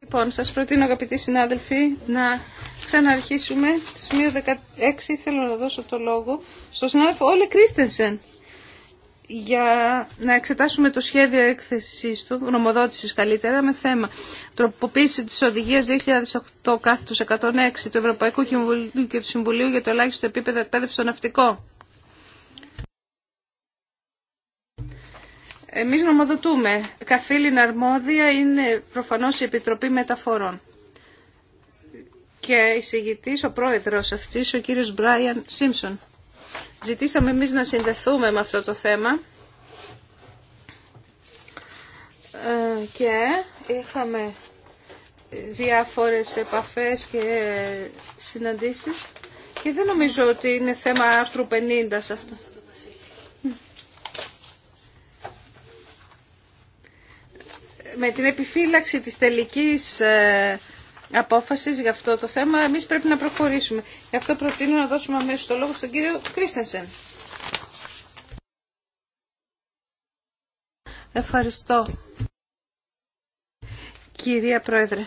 Λοιπόν, σας προτείνω αγαπητοί συνάδελφοι να ξαναρχίσουμε. Στο 1.16 θέλω να δώσω το λόγο στον συνάδελφο Όλε Κρίστενσεν για να εξετάσουμε το σχέδιο έκθεσης του, γνωμοδότησης καλύτερα, με θέμα τροποποίηση της οδηγίας 2008 106 του Ευρωπαϊκού Κοινοβουλίου και του Συμβουλίου για το ελάχιστο επίπεδο εκπαίδευση στο ναυτικό. Εμείς νομοδοτούμε. Καθήλυνα αρμόδια είναι προφανώς η Επιτροπή Μεταφορών. Και εισηγητής, ο πρόεδρος αυτής, ο κύριος Μπράιαν Σίμψον. Ζητήσαμε εμείς να συνδεθούμε με αυτό το θέμα. Ε, και είχαμε διάφορες επαφές και συναντήσεις και δεν νομίζω ότι είναι θέμα άρθρου 50 σε αυτό. με την επιφύλαξη της τελικής ε, απόφασης για αυτό το θέμα, εμείς πρέπει να προχωρήσουμε. Γι' αυτό προτείνω να δώσουμε αμέσως το λόγο στον κύριο Κρίστενσεν. Ευχαριστώ. Κυρία Πρόεδρε,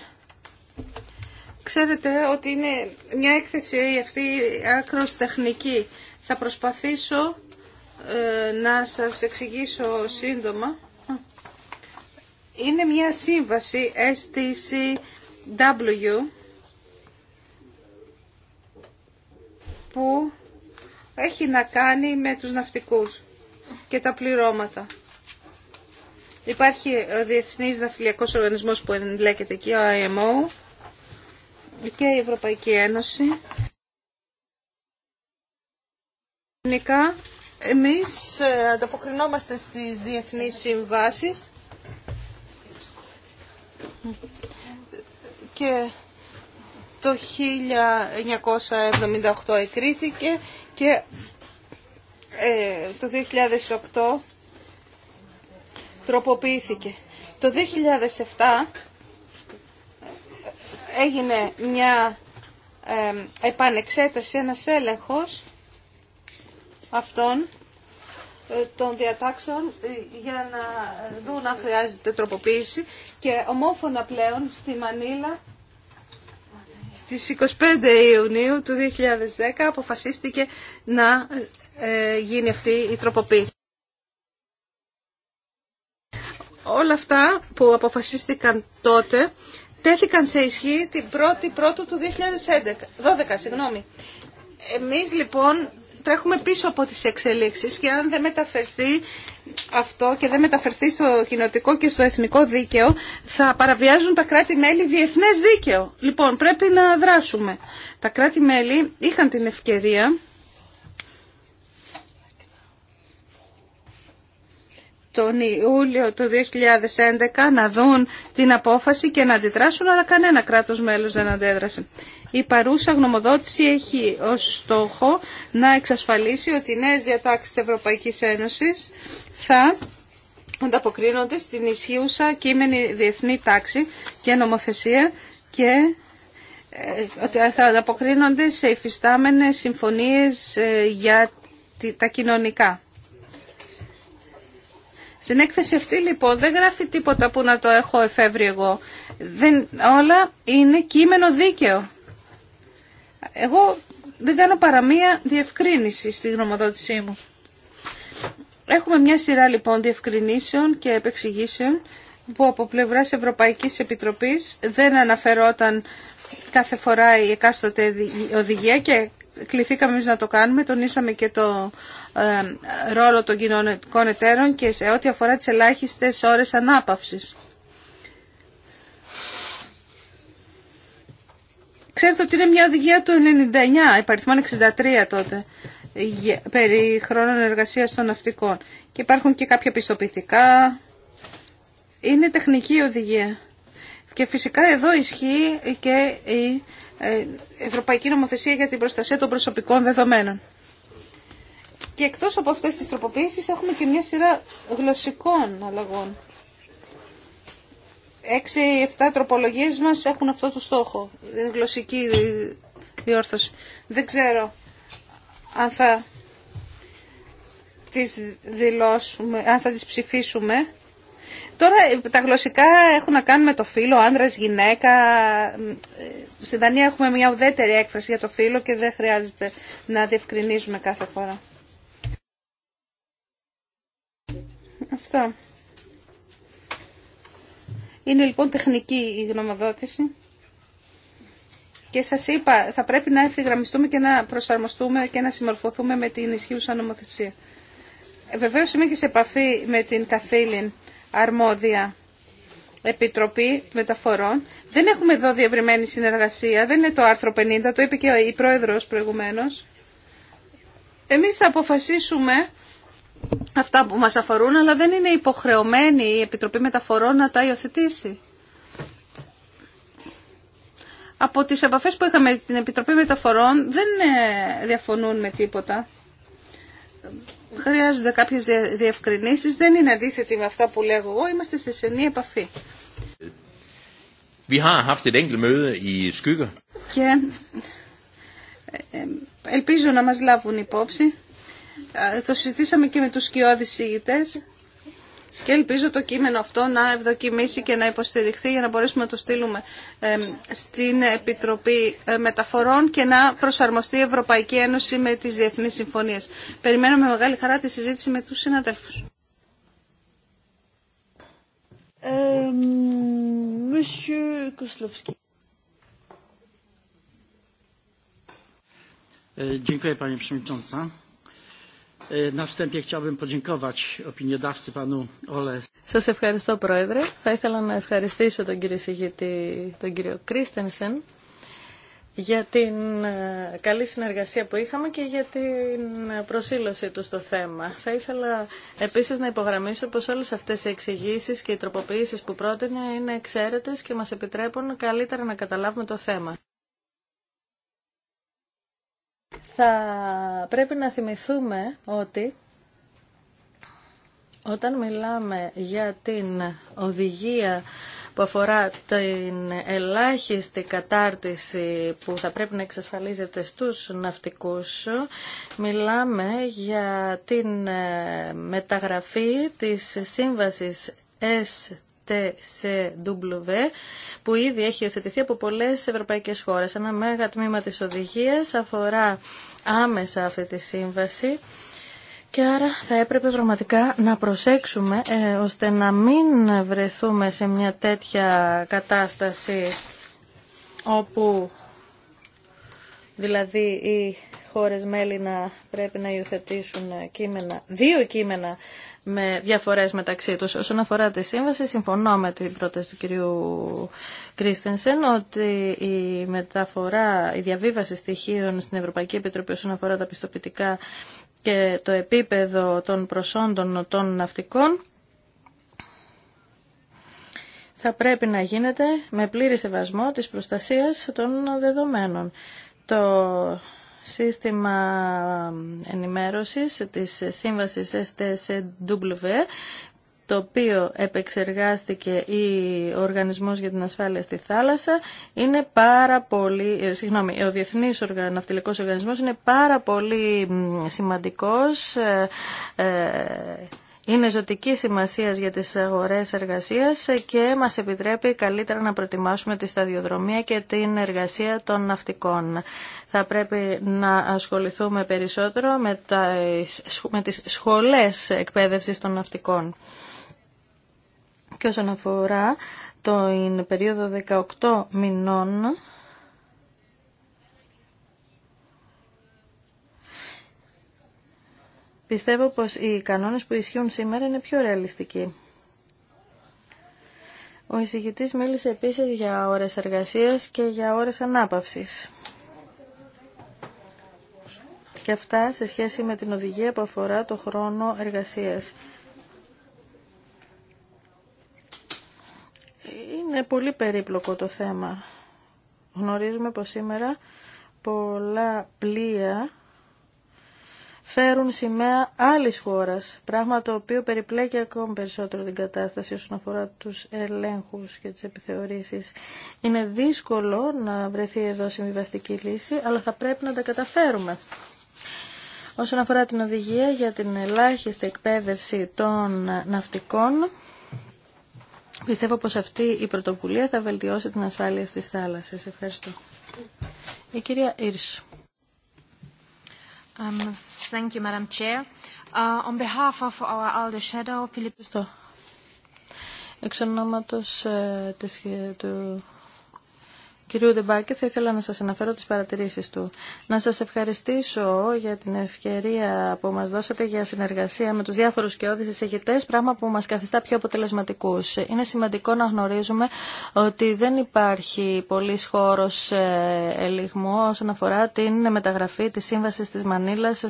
ξέρετε ότι είναι μια έκθεση αυτή άκρος τεχνική. Θα προσπαθήσω ε, να σας εξηγήσω σύντομα είναι μια σύμβαση STCW που έχει να κάνει με τους ναυτικούς και τα πληρώματα. Υπάρχει ο Διεθνής Ναυτιλιακός Οργανισμός που εμπλέκεται εκεί, ο IMO, και η Ευρωπαϊκή Ένωση. Γενικά, εμείς ε, ανταποκρινόμαστε στις διεθνείς συμβάσεις και το 1978 εκρίθηκε και ε, το 2008 τροποποιήθηκε. Το 2007 ε, έγινε μια ε, επανεξέταση, ένας έλεγχος αυτών ε, των διατάξεων ε, για να δουν αν χρειάζεται τροποποίηση και ομόφωνα πλέον στη Μανίλα στις 25 Ιουνίου του 2010 αποφασίστηκε να ε, γίνει αυτή η τροποποίηση. Όλα αυτά που αποφασίστηκαν τότε τέθηκαν σε ισχύ την 1η Πρώτου του 2011, 12, συγγνώμη. Εμείς λοιπόν τρέχουμε πίσω από τις εξελίξεις και αν δεν μεταφερθεί αυτό και δεν μεταφερθεί στο κοινοτικό και στο εθνικό δίκαιο θα παραβιάζουν τα κράτη-μέλη διεθνές δίκαιο. Λοιπόν, πρέπει να δράσουμε. Τα κράτη-μέλη είχαν την ευκαιρία τον Ιούλιο του 2011 να δουν την απόφαση και να αντιδράσουν, αλλά κανένα κράτος μέλος δεν αντέδρασε. Η παρούσα γνωμοδότηση έχει ως στόχο να εξασφαλίσει ότι οι νέες διατάξεις της Ευρωπαϊκής Ένωσης θα ανταποκρίνονται στην ισχύουσα κείμενη διεθνή τάξη και νομοθεσία και ε, θα ανταποκρίνονται σε υφιστάμενες συμφωνίες ε, για τα κοινωνικά. Στην έκθεση αυτή λοιπόν δεν γράφει τίποτα που να το έχω εφεύρει εγώ. Δεν, όλα είναι κείμενο δίκαιο. Εγώ δεν κάνω παρά μία διευκρίνηση στη γνωμοδότησή μου. Έχουμε μια σειρά λοιπόν διευκρινήσεων και επεξηγήσεων που από πλευράς Ευρωπαϊκής Επιτροπής δεν αναφερόταν κάθε φορά η εκάστοτε οδηγία και κληθήκαμε εμεί να το κάνουμε, τονίσαμε και το ε, ρόλο των κοινωνικών εταίρων και σε ό,τι αφορά τις ελάχιστες ώρες ανάπαυσης. Ξέρετε ότι είναι μια οδηγία του 99, υπαριθμόν 63 τότε, περί χρόνων εργασίας των ναυτικών. Και υπάρχουν και κάποια πιστοποιητικά. Είναι τεχνική οδηγία. Και φυσικά εδώ ισχύει και η ε, Ευρωπαϊκή Νομοθεσία για την Προστασία των Προσωπικών Δεδομένων. Και εκτός από αυτές τις τροποποίησεις έχουμε και μια σειρά γλωσσικών αλλαγών. 6-7 τροπολογίες μας έχουν αυτό το στόχο, γλωσσική διόρθωση. Δεν ξέρω αν θα τις δηλώσουμε, αν θα τις ψηφίσουμε. Τώρα τα γλωσσικά έχουν να κάνουν με το φύλλο, άνδρας, γυναίκα. Στην Δανία έχουμε μια ουδέτερη έκφραση για το φύλλο και δεν χρειάζεται να διευκρινίζουμε κάθε φορά. Αυτά. Είναι λοιπόν τεχνική η γνωμοδότηση. Και σας είπα, θα πρέπει να ευθυγραμμιστούμε και να προσαρμοστούμε και να συμμορφωθούμε με την ισχύουσα νομοθεσία. Ε, Βεβαίω είμαι και σε επαφή με την καθήλυν αρμόδια Επιτροπή Μεταφορών. Δεν έχουμε εδώ διευρυμένη συνεργασία, δεν είναι το άρθρο 50, το είπε και η Πρόεδρος προηγουμένως. Εμείς θα αποφασίσουμε αυτά που μας αφορούν, αλλά δεν είναι υποχρεωμένη η Επιτροπή Μεταφορών να τα υιοθετήσει. Από τις επαφές που είχαμε την Επιτροπή Μεταφορών δεν ε, διαφωνούν με τίποτα. Χρειάζονται κάποιες διευκρινήσεις, δεν είναι αντίθετη με αυτά που λέγω εγώ, είμαστε σε σενή επαφή. Και ελπίζω να μας λάβουν υπόψη. Το συζητήσαμε και με τους σκιώδεις ηγητές και ελπίζω το κείμενο αυτό να ευδοκιμήσει και να υποστηριχθεί για να μπορέσουμε να το στείλουμε στην Επιτροπή ε, Μεταφορών και να προσαρμοστεί η Ευρωπαϊκή Ένωση με τις διεθνείς συμφωνίες. Περιμένω με μεγάλη χαρά τη συζήτηση με τους συναδέλφους. Ε, να e, Σας ευχαριστώ Πρόεδρε. Θα ήθελα να ευχαριστήσω τον κύριο Σιγητή, τον κύριο Κρίστενσεν, για την ε, καλή συνεργασία που είχαμε και για την προσήλωσή του στο θέμα. Θα ήθελα επίσης να υπογραμμίσω πως όλες αυτές οι εξηγήσει και οι τροποποιήσεις που πρότεινε είναι εξαίρετες και μας επιτρέπουν καλύτερα να καταλάβουμε το θέμα. Θα πρέπει να θυμηθούμε ότι όταν μιλάμε για την οδηγία που αφορά την ελάχιστη κατάρτιση που θα πρέπει να εξασφαλίζεται στους ναυτικούς. Μιλάμε για την ε, μεταγραφή της σύμβασης S TCW που ήδη έχει υιοθετηθεί από πολλές ευρωπαϊκές χώρες. Ένα μέγα τμήμα τη οδηγία. αφορά άμεσα αυτή τη σύμβαση. Και άρα θα έπρεπε πραγματικά να προσέξουμε ε, ώστε να μην βρεθούμε σε μια τέτοια κατάσταση όπου δηλαδή η χώρες μέλη να πρέπει να υιοθετήσουν κείμενα, δύο κείμενα με διαφορές μεταξύ τους. Όσον αφορά τη σύμβαση, συμφωνώ με την πρόταση του κυρίου Κρίστενσεν ότι η μεταφορά, η διαβίβαση στοιχείων στην Ευρωπαϊκή Επιτροπή όσον αφορά τα πιστοποιητικά και το επίπεδο των προσόντων των ναυτικών θα πρέπει να γίνεται με πλήρη σεβασμό της προστασίας των δεδομένων. Το σύστημα ενημέρωσης της σύμβασης STSW, το οποίο επεξεργάστηκε η, Οργανισμός για την Ασφάλεια στη Θάλασσα, είναι πάρα πολύ, ε, συγγνώμη, ο Διεθνής Ναυτιλικός Οργανισμός είναι πάρα πολύ σημαντικός ε, ε, είναι ζωτική σημασία για τις αγορές εργασία και μα επιτρέπει καλύτερα να προετοιμάσουμε τη σταδιοδρομία και την εργασία των ναυτικών. Θα πρέπει να ασχοληθούμε περισσότερο με, με τις σχολές εκπαίδευσης των ναυτικών. Και όσον αφορά το περίοδο 18 μηνών, Πιστεύω πως οι κανόνες που ισχύουν σήμερα είναι πιο ρεαλιστικοί. Ο εισηγητής μίλησε επίσης για ώρες εργασίας και για ώρες ανάπαυσης. Και αυτά σε σχέση με την οδηγία που αφορά το χρόνο εργασίας. Είναι πολύ περίπλοκο το θέμα. Γνωρίζουμε πως σήμερα πολλά πλοία φέρουν σημαία άλλης χώρας, πράγμα το οποίο περιπλέκει ακόμη περισσότερο την κατάσταση όσον αφορά τους ελέγχους και τις επιθεωρήσεις. Είναι δύσκολο να βρεθεί εδώ συμβιβαστική λύση, αλλά θα πρέπει να τα καταφέρουμε. Όσον αφορά την οδηγία για την ελάχιστη εκπαίδευση των ναυτικών, πιστεύω πως αυτή η πρωτοβουλία θα βελτιώσει την ασφάλεια στις θάλασσες. Ευχαριστώ. Η κυρία Ήρσου. Thank you, Madam Chair. on behalf of our ALDE shadow, Philip... Εξ ονόματος του κυρίου Δεμπάκη, θα ήθελα να σας αναφέρω τις παρατηρήσεις του. Να σας ευχαριστήσω για την ευκαιρία που μας δώσατε για συνεργασία με τους διάφορους και εισηγητές, πράγμα που μας καθιστά πιο αποτελεσματικούς. Είναι σημαντικό να γνωρίζουμε ότι δεν υπάρχει πολλής χώρο ε, ελιγμού όσον αφορά την μεταγραφή της Σύμβασης της Μανίλας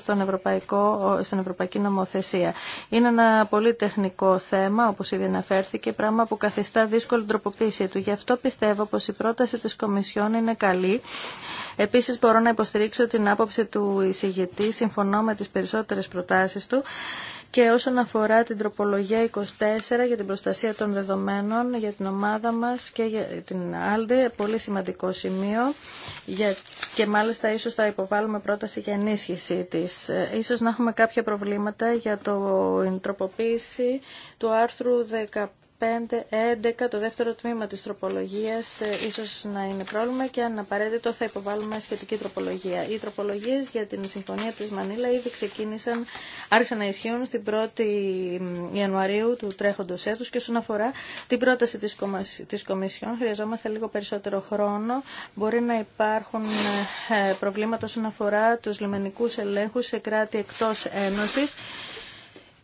στην Ευρωπαϊκή Νομοθεσία. Είναι ένα πολύ τεχνικό θέμα, όπως ήδη αναφέρθηκε, πράγμα που καθιστά δύσκολη τροποποίηση του. Γι' αυτό πιστεύω πως η πρόταση Κομισιόν είναι καλή. Επίσης μπορώ να υποστηρίξω την άποψη του εισηγητή, συμφωνώ με τις περισσότερες προτάσεις του και όσον αφορά την τροπολογία 24 για την προστασία των δεδομένων για την ομάδα μας και για την Άλντε, πολύ σημαντικό σημείο για... και μάλιστα ίσως θα υποβάλουμε πρόταση για ενίσχυση της. Ε, ίσως να έχουμε κάποια προβλήματα για το τροποποίηση του άρθρου 15 11, το δεύτερο τμήμα της τροπολογίας ε, ίσως να είναι πρόβλημα και αν απαραίτητο θα υποβάλουμε σχετική τροπολογία. Οι τροπολογίες για την Συμφωνία της Μανίλα ήδη ξεκίνησαν, άρχισαν να ισχύουν στην 1η Ιανουαρίου του τρέχοντος έτους και όσον αφορά την πρόταση της, της Κομισιόν χρειαζόμαστε λίγο περισσότερο χρόνο. Μπορεί να υπάρχουν ε, προβλήματα όσον αφορά τους λιμενικούς ελέγχους σε κράτη εκτός Ένωσης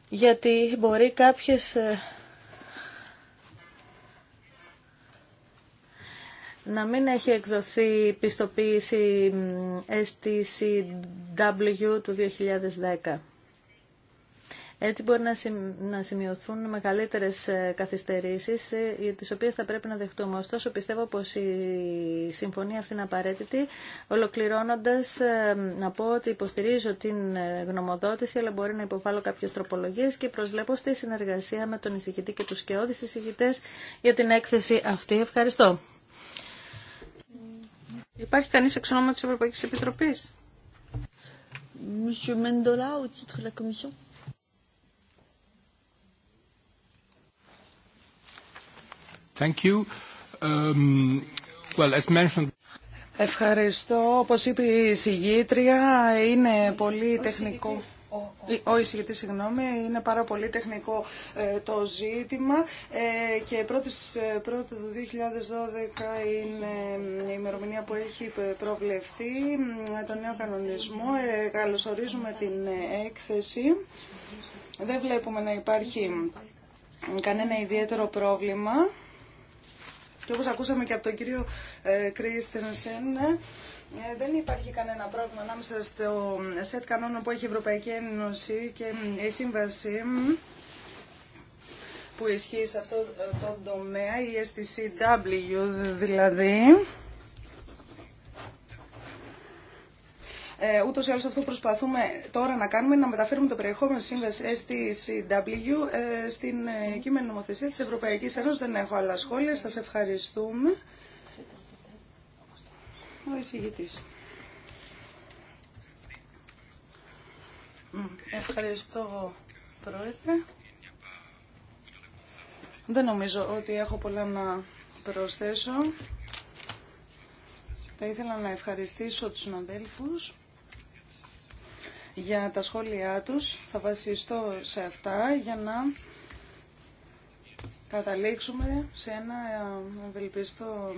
γιατί μπορεί κάποιες ε, να μην έχει εκδοθεί πιστοποίηση STCW του 2010. Έτσι μπορεί να σημειωθούν μεγαλύτερες ε, καθυστερήσεις, ε, τις οποίες θα πρέπει να δεχτούμε. Ωστόσο, πιστεύω πως η συμφωνία αυτή είναι απαραίτητη. Ολοκληρώνοντας, ε, να πω ότι υποστηρίζω την γνωμοδότηση, αλλά μπορεί να υποβάλω κάποιες τροπολογίες και προσβλέπω στη συνεργασία με τον εισηγητή και τους σκεώδεις εισηγητές για την έκθεση αυτή. Ευχαριστώ. Υπάρχει κανεί εξ ονόμα τη Ευρωπαϊκή Επιτροπή. Monsieur Mendola, au titre de la Commission. Thank you. Um, well, as mentioned... Ευχαριστώ. Όπως είπε η συγγήτρια, είναι πολύ τεχνικό Συγγήτρια. Ο εισηγητή, συγγνώμη, είναι πάρα πολύ τεχνικό ε, το ζήτημα ε, και πρώτης, ε, πρώτη του 2012 είναι η ημερομηνία που έχει προβλεφθεί τον νέο κανονισμό. Καλωσορίζουμε την έκθεση. Δεν βλέπουμε να υπάρχει κανένα ιδιαίτερο πρόβλημα. Και όπως ακούσαμε και από τον κύριο Κρίστενσεν, ε, δεν υπάρχει κανένα πρόβλημα ανάμεσα στο σετ κανόνων που έχει η Ευρωπαϊκή Ένωση και η Σύμβαση που ισχύει σε αυτό ε, το τομέα, η STCW δηλαδή. Ε, Ούτω ή άλλω αυτό που προσπαθούμε τώρα να κάνουμε είναι να μεταφέρουμε το περιεχόμενο τη σύμβαση STCW ε, στην κείμενη νομοθεσία τη Ευρωπαϊκή Ένωση. Δεν έχω άλλα σχόλια. Σα ευχαριστούμε ο εισηγητής. Ευχαριστώ, Πρόεδρε. Δεν νομίζω ότι έχω πολλά να προσθέσω. Θα ήθελα να ευχαριστήσω τους συναδέλφους για τα σχόλιά τους. Θα βασιστώ σε αυτά για να καταλήξουμε σε ένα ευελπιστό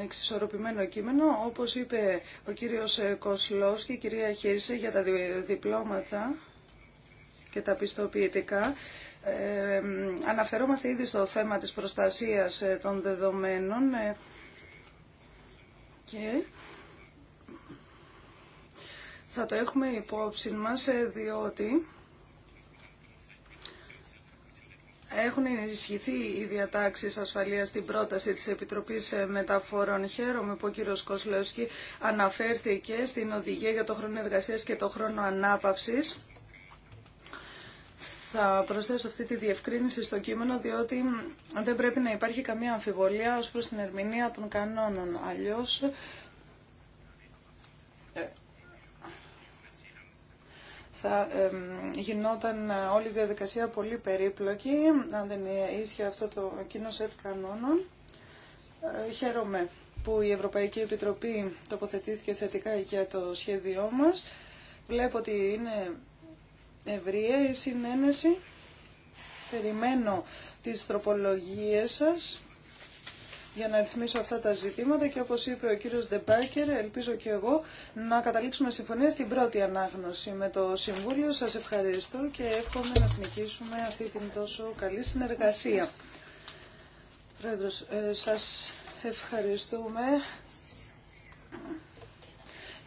εξισορροπημένο κείμενο. Όπως είπε ο κύριος Κοσλός και η κυρία Χίρσε για τα διπλώματα και τα πιστοποιητικά, ε, αναφερόμαστε ήδη στο θέμα της προστασίας ε, των δεδομένων ε, και θα το έχουμε υπόψη μας ε, διότι Έχουν ενισχυθεί οι διατάξει ασφαλείας στην πρόταση της Επιτροπής Μεταφορών. Χαίρομαι που ο κύριο Κοσλεύσκη αναφέρθηκε στην οδηγία για το χρόνο εργασία και το χρόνο ανάπαυσης. Θα προσθέσω αυτή τη διευκρίνηση στο κείμενο, διότι δεν πρέπει να υπάρχει καμία αμφιβολία ως προς την ερμηνεία των κανόνων. θα γινόταν όλη η διαδικασία πολύ περίπλοκη, αν δεν ίσχυε αυτό το κοινό σετ κανόνων. Ε, χαίρομαι που η Ευρωπαϊκή Επιτροπή τοποθετήθηκε θετικά για το σχέδιό μας. Βλέπω ότι είναι ευρία η συνένεση. Περιμένω τις τροπολογίες σας για να ρυθμίσω αυτά τα ζητήματα και όπως είπε ο κύριος Ντεπάκερ, ελπίζω και εγώ να καταλήξουμε συμφωνία στην πρώτη ανάγνωση με το Συμβούλιο. Σας ευχαριστώ και εύχομαι να συνεχίσουμε αυτή την τόσο καλή συνεργασία. Πρόεδρος, ε, σας ευχαριστούμε.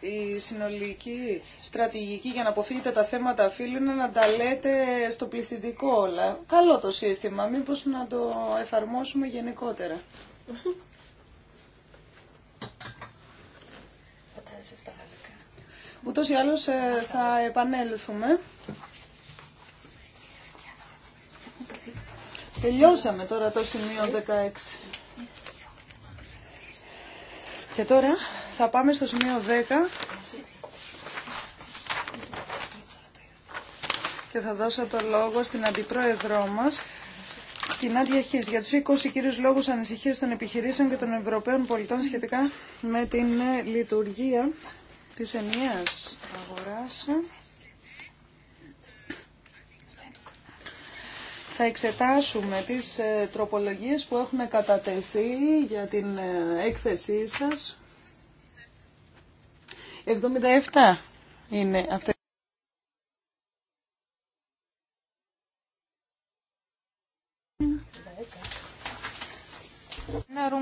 Η συνολική στρατηγική για να αποφύγετε τα θέματα φίλου είναι να τα λέτε στο πληθυντικό όλα. Καλό το σύστημα, μήπως να το εφαρμόσουμε γενικότερα. Ούτω ή άλλως ε, θα επανέλθουμε. Τελειώσαμε τώρα το σημείο 16. Και τώρα θα πάμε στο σημείο 10. Και θα δώσω το λόγο στην αντιπρόεδρό μας, Κοινά διαχείριση. Για του 20 κύριου λόγου ανησυχία των επιχειρήσεων και των Ευρωπαίων πολιτών σχετικά με την ε, λειτουργία τη ενιαία αγορά. Θα εξετάσουμε τις ε, τροπολογίες που έχουν κατατεθεί για την ε, έκθεσή σας. 77 είναι αυτές.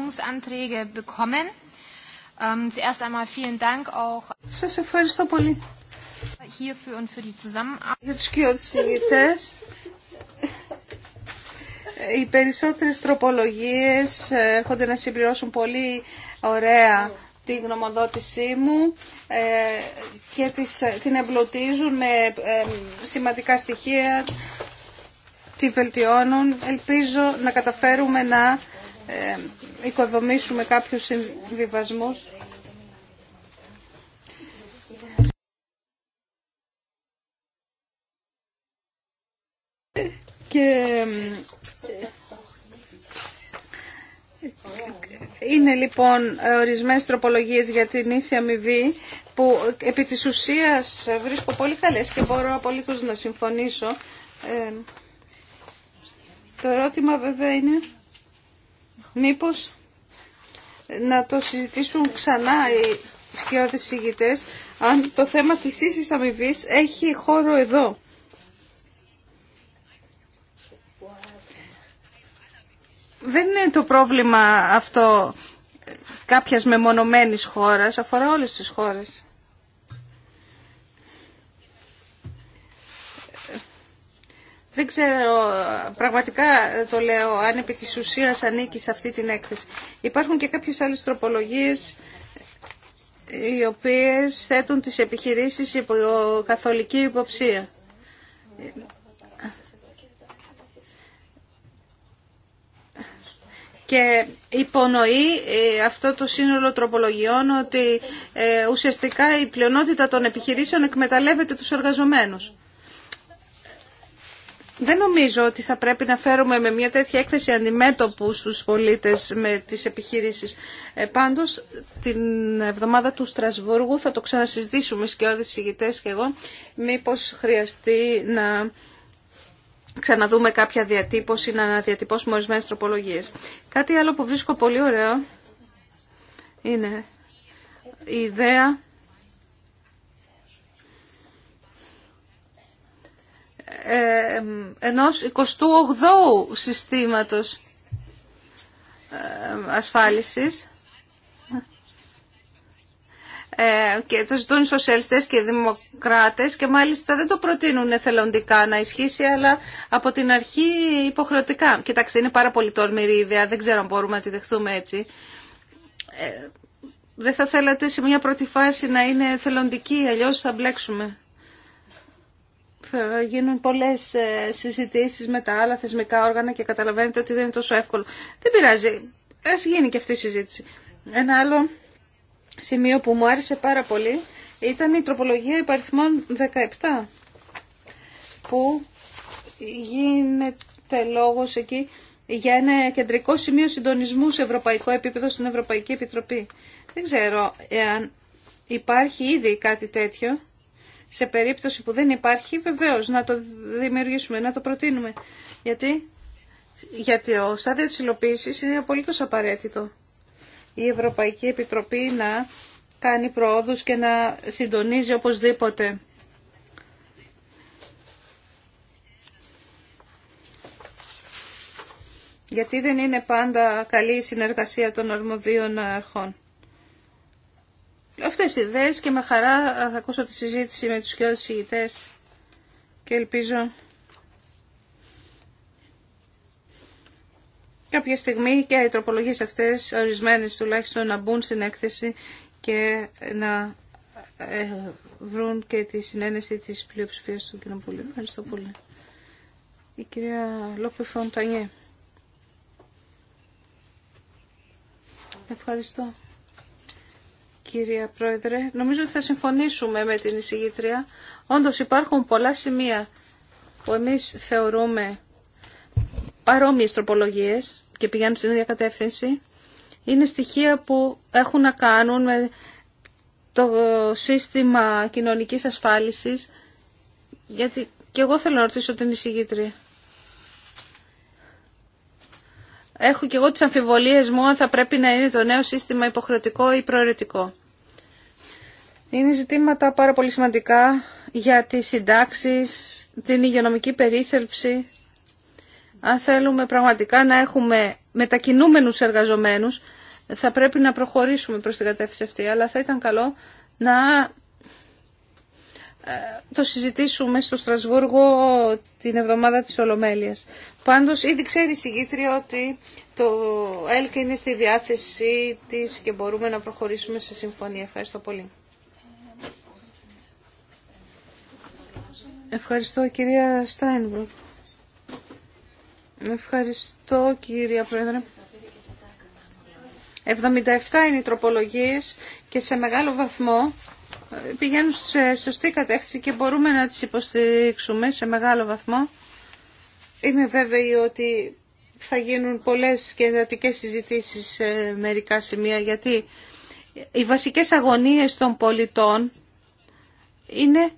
Änderungsanträge ähm, Σας ευχαριστώ πολύ. Hierfür und für οι περισσότερες τροπολογίες ε, έρχονται να συμπληρώσουν πολύ ωραία τη γνωμοδότησή μου ε, και ε, την εμπλουτίζουν με σημαντικά στοιχεία, τη βελτιώνουν. Ελπίζω να καταφέρουμε να οικοδομήσουμε κάποιους συμβιβασμούς. Και ε, είναι λοιπόν ορισμένες τροπολογίες για την ίση αμοιβή που επί της ουσίας βρίσκω πολύ καλές και μπορώ απολύτως να συμφωνήσω. Ε, το ερώτημα βέβαια είναι Μήπως να το συζητήσουν ξανά οι σκιώδες ηγητές αν το θέμα της ίσης αμοιβή έχει χώρο εδώ. Δεν είναι το πρόβλημα αυτό κάποιας μεμονωμένης χώρας, αφορά όλες τις χώρες. Δεν ξέρω, πραγματικά το λέω, αν επί της ουσίας ανήκει σε αυτή την έκθεση. Υπάρχουν και κάποιες άλλες τροπολογίες οι οποίες θέτουν τις επιχειρήσεις υπό καθολική υποψία. Και υπονοεί ε, αυτό το σύνολο τροπολογιών ότι ε, ουσιαστικά η πλειονότητα των επιχειρήσεων εκμεταλλεύεται τους εργαζομένους. Δεν νομίζω ότι θα πρέπει να φέρουμε με μια τέτοια έκθεση αντιμέτωπους στους πολίτες με τις επιχειρήσεις. Ε, πάντως, την εβδομάδα του Στρασβούργου θα το ξανασυζητήσουμε και όλοι οι και εγώ, μήπως χρειαστεί να ξαναδούμε κάποια διατύπωση, να αναδιατυπώσουμε ορισμένε τροπολογίες. Κάτι άλλο που βρίσκω πολύ ωραίο είναι η ιδέα Ε, ενός 28ου συστήματος ε, ασφάλισης ε, και το ζητούν οι σοσιαλιστές και οι δημοκράτες και μάλιστα δεν το προτείνουν εθελοντικά να ισχύσει αλλά από την αρχή υποχρεωτικά. Κοιτάξτε είναι πάρα πολύ τορμηρή ιδέα, δεν ξέρω αν μπορούμε να τη δεχθούμε έτσι. δεν θα θέλατε σε μια πρώτη φάση να είναι εθελοντική, αλλιώς θα μπλέξουμε θα γίνουν πολλές ε, συζητήσεις με τα άλλα θεσμικά όργανα και καταλαβαίνετε ότι δεν είναι τόσο εύκολο. Δεν πειράζει. Ας γίνει και αυτή η συζήτηση. Ένα άλλο σημείο που μου άρεσε πάρα πολύ ήταν η τροπολογία υπαριθμών 17 που γίνεται λόγος εκεί για ένα κεντρικό σημείο συντονισμού σε ευρωπαϊκό επίπεδο στην Ευρωπαϊκή Επιτροπή. Δεν ξέρω εάν υπάρχει ήδη κάτι τέτοιο σε περίπτωση που δεν υπάρχει, βεβαίω να το δημιουργήσουμε, να το προτείνουμε. Γιατί, Γιατί ο στάδιο της υλοποίησης είναι απολύτως απαραίτητο. Η Ευρωπαϊκή Επιτροπή να κάνει προόδους και να συντονίζει οπωσδήποτε. Γιατί δεν είναι πάντα καλή η συνεργασία των αρμοδίων αρχών. Αυτές οι ιδέες και με χαρά θα ακούσω τη συζήτηση με τους κοιόδους ηγητές και ελπίζω κάποια στιγμή και οι τροπολογίες αυτές, ορισμένες τουλάχιστον, να μπουν στην έκθεση και να ε, βρουν και τη συνένεση της πλειοψηφίας του Κοινοβουλίου. Ευχαριστώ πολύ. Η κυρία Λόπε Φοντανιέ. Ευχαριστώ κυρία Πρόεδρε. Νομίζω ότι θα συμφωνήσουμε με την εισηγήτρια. Όντως υπάρχουν πολλά σημεία που εμείς θεωρούμε παρόμοιες τροπολογίες και πηγαίνουν στην ίδια κατεύθυνση. Είναι στοιχεία που έχουν να κάνουν με το σύστημα κοινωνικής ασφάλισης. Γιατί και εγώ θέλω να ρωτήσω την εισηγήτρια. Έχω και εγώ τις αμφιβολίες μου αν θα πρέπει να είναι το νέο σύστημα υποχρεωτικό ή προαιρετικό. Είναι ζητήματα πάρα πολύ σημαντικά για τις συντάξεις, την υγειονομική περίθελψη. Αν θέλουμε πραγματικά να έχουμε μετακινούμενους εργαζομένους, θα πρέπει να προχωρήσουμε προς την κατεύθυνση αυτή. Αλλά θα ήταν καλό να ε, το συζητήσουμε στο Στρασβούργο την εβδομάδα της Ολομέλειας. Πάντως ήδη ξέρει η συγκήτρια ότι το ΕΛΚ είναι στη διάθεσή της και μπορούμε να προχωρήσουμε σε συμφωνία. Ευχαριστώ πολύ. Ευχαριστώ κυρία Στάινμπουργκ. Ευχαριστώ κυρία Πρόεδρε. 77 είναι οι τροπολογίες και σε μεγάλο βαθμό ε, πηγαίνουν σε σωστή κατεύθυνση και μπορούμε να τις υποστηρίξουμε σε μεγάλο βαθμό. Είμαι βέβαιη ότι θα γίνουν πολλές και εντατικές συζητήσεις σε μερικά σημεία γιατί οι βασικές αγωνίες των πολιτών είναι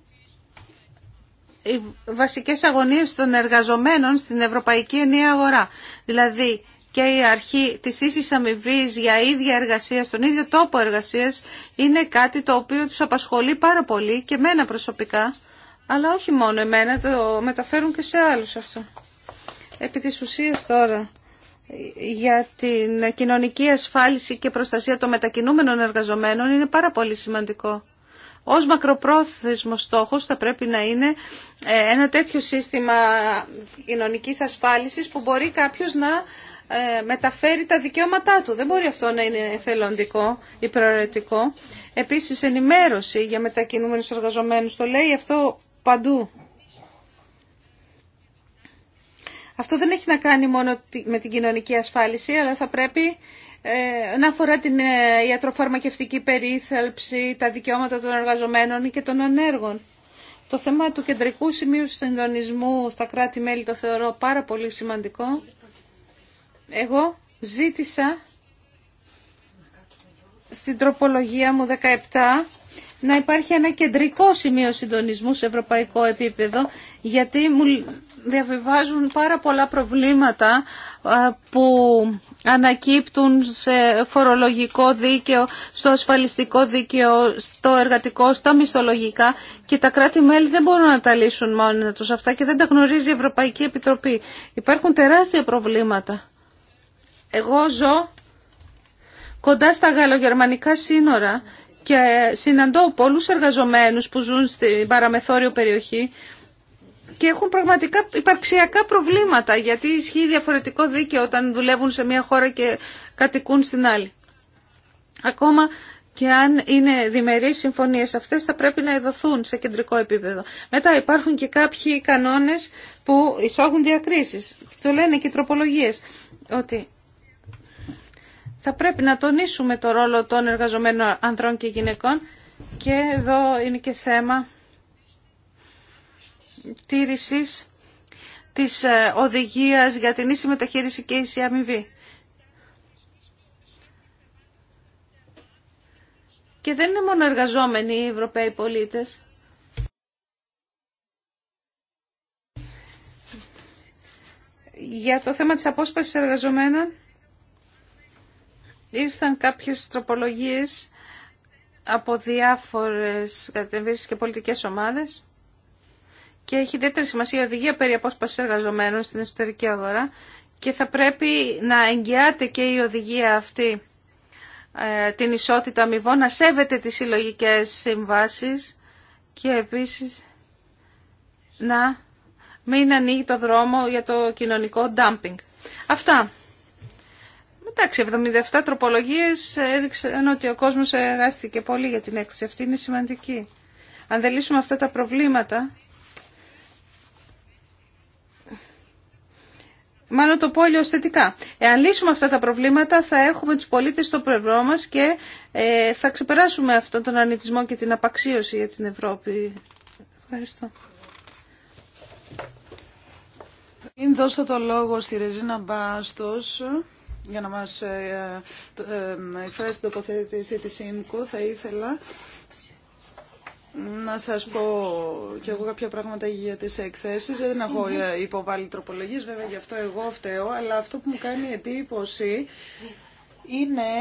οι βασικές αγωνίες των εργαζομένων στην Ευρωπαϊκή Ενία Αγορά. Δηλαδή και η αρχή της ίσης αμοιβή για ίδια εργασία στον ίδιο τόπο εργασίας είναι κάτι το οποίο τους απασχολεί πάρα πολύ και εμένα προσωπικά, αλλά όχι μόνο εμένα, το μεταφέρουν και σε άλλους αυτό. Επί της ουσίας τώρα για την κοινωνική ασφάλιση και προστασία των μετακινούμενων εργαζομένων είναι πάρα πολύ σημαντικό. Ως μακροπρόθεσμος στόχος θα πρέπει να είναι ε, ένα τέτοιο σύστημα κοινωνικής ασφάλισης που μπορεί κάποιος να ε, μεταφέρει τα δικαιώματά του. Δεν μπορεί αυτό να είναι εθελοντικό ή προαιρετικό. Επίσης ενημέρωση για μετακινούμενους εργαζομένους. Το λέει αυτό παντού. Αυτό δεν έχει να κάνει μόνο με την κοινωνική ασφάλιση, αλλά θα πρέπει ε, να αφορά την ε, ιατροφαρμακευτική περίθαλψη, τα δικαιώματα των εργαζομένων και των ανέργων. Το θέμα του κεντρικού σημείου συντονισμού στα κράτη-μέλη το θεωρώ πάρα πολύ σημαντικό. Εγώ ζήτησα στην τροπολογία μου 17 να υπάρχει ένα κεντρικό σημείο συντονισμού σε ευρωπαϊκό επίπεδο, γιατί μου διαβιβάζουν πάρα πολλά προβλήματα που ανακύπτουν σε φορολογικό δίκαιο, στο ασφαλιστικό δίκαιο, στο εργατικό, στα μισθολογικά και τα κράτη-μέλη δεν μπορούν να τα λύσουν μόνοι τους αυτά και δεν τα γνωρίζει η Ευρωπαϊκή Επιτροπή. Υπάρχουν τεράστια προβλήματα. Εγώ ζω κοντά στα γαλλογερμανικά σύνορα και συναντώ πολλούς εργαζομένους που ζουν στην παραμεθόριο περιοχή και έχουν πραγματικά υπαρξιακά προβλήματα γιατί ισχύει διαφορετικό δίκαιο όταν δουλεύουν σε μια χώρα και κατοικούν στην άλλη. Ακόμα και αν είναι διμερείς συμφωνίες αυτές θα πρέπει να ειδωθούν σε κεντρικό επίπεδο. Μετά υπάρχουν και κάποιοι κανόνες που εισάγουν διακρίσεις. Το λένε και οι τροπολογίες ότι θα πρέπει να τονίσουμε το ρόλο των εργαζομένων ανδρών και γυναικών και εδώ είναι και θέμα τήρησης της ε, οδηγίας για την ίση μεταχείριση και ίση αμοιβή. Και δεν είναι μόνο εργαζόμενοι οι Ευρωπαίοι πολίτες. Για το θέμα της απόσπασης εργαζομένων ήρθαν κάποιες τροπολογίες από διάφορες κατεμβήσεις και πολιτικές ομάδες και έχει ιδιαίτερη σημασία η οδηγία περί απόσπασης εργαζομένων στην εσωτερική αγορά και θα πρέπει να εγγυάται και η οδηγία αυτή ε, την ισότητα αμοιβών, να σέβεται τις συλλογικέ συμβάσεις και επίσης να μην ανοίγει το δρόμο για το κοινωνικό dumping. Αυτά. Εντάξει, 77 τροπολογίες έδειξαν ότι ο κόσμος εργάστηκε πολύ για την έκθεση. Αυτή είναι σημαντική. Αν δεν λύσουμε αυτά τα προβλήματα, μάλλον το πόλιο αλλιώς θετικά. Εάν λύσουμε αυτά τα προβλήματα θα έχουμε τους πολίτες στο πλευρό μας και ε, θα ξεπεράσουμε αυτόν τον ανητισμό και την απαξίωση για την Ευρώπη. Ευχαριστώ. Πριν δώσω το λόγο στη Ρεζίνα Μπάστος για να μας ε, ε, ε, εκφράσει την τοποθέτησή της ΣΥΝΚΟ θα ήθελα να σας πω κι εγώ κάποια πράγματα για τις εκθέσεις. Δεν έχω ε, υποβάλει τροπολογίες, βέβαια γι' αυτό εγώ φταίω, αλλά αυτό που μου κάνει εντύπωση είναι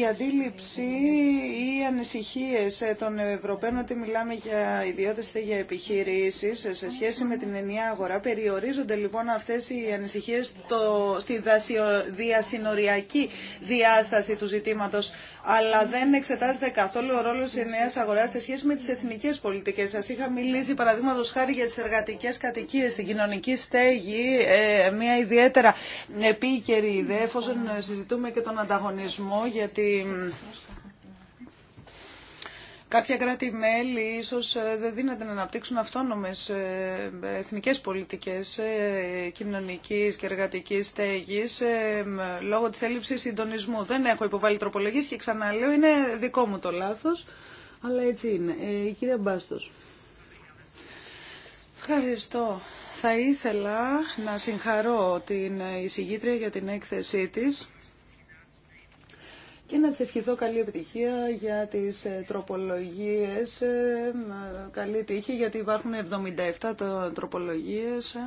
η αντίληψη ή οι ανησυχίε ε, των Ευρωπαίων ότι μιλάμε για ιδιώτες και για επιχειρήσει ε, σε σχέση με την ενιαία αγορά. Περιορίζονται λοιπόν αυτέ οι ανησυχίε στη διασυνοριακή διάσταση του ζητήματο, αλλά δεν εξετάζεται καθόλου ο ρόλο της ενιαία αγοράς σε σχέση με τι εθνικέ πολιτικέ. Σας είχα μιλήσει παραδείγματο χάρη για τι εργατικέ κατοικίε, στην κοινωνική στέγη, ε, μια ιδιαίτερα επίκαιρη ιδέα, εφόσον συζητούμε και τον ανταγωνισμό γιατι γιατί κάποια κράτη-μέλη ίσως ε, δεν δίνεται να αναπτύξουν αυτόνομες ε, εθνικές πολιτικές ε, κοινωνικής και εργατική στέγης λόγω της έλλειψης συντονισμού. Δεν έχω υποβάλει τροπολογίες και ξαναλέω είναι δικό μου το λάθος, αλλά έτσι είναι. Η κυρία Μπάστος. Ευχαριστώ. Θα ήθελα να συγχαρώ την εισηγήτρια για την έκθεσή της και να της ευχηθώ καλή επιτυχία για τις ε, τροπολογίες. Ε, καλή τύχη γιατί υπάρχουν 77 τροπολογίες, ε,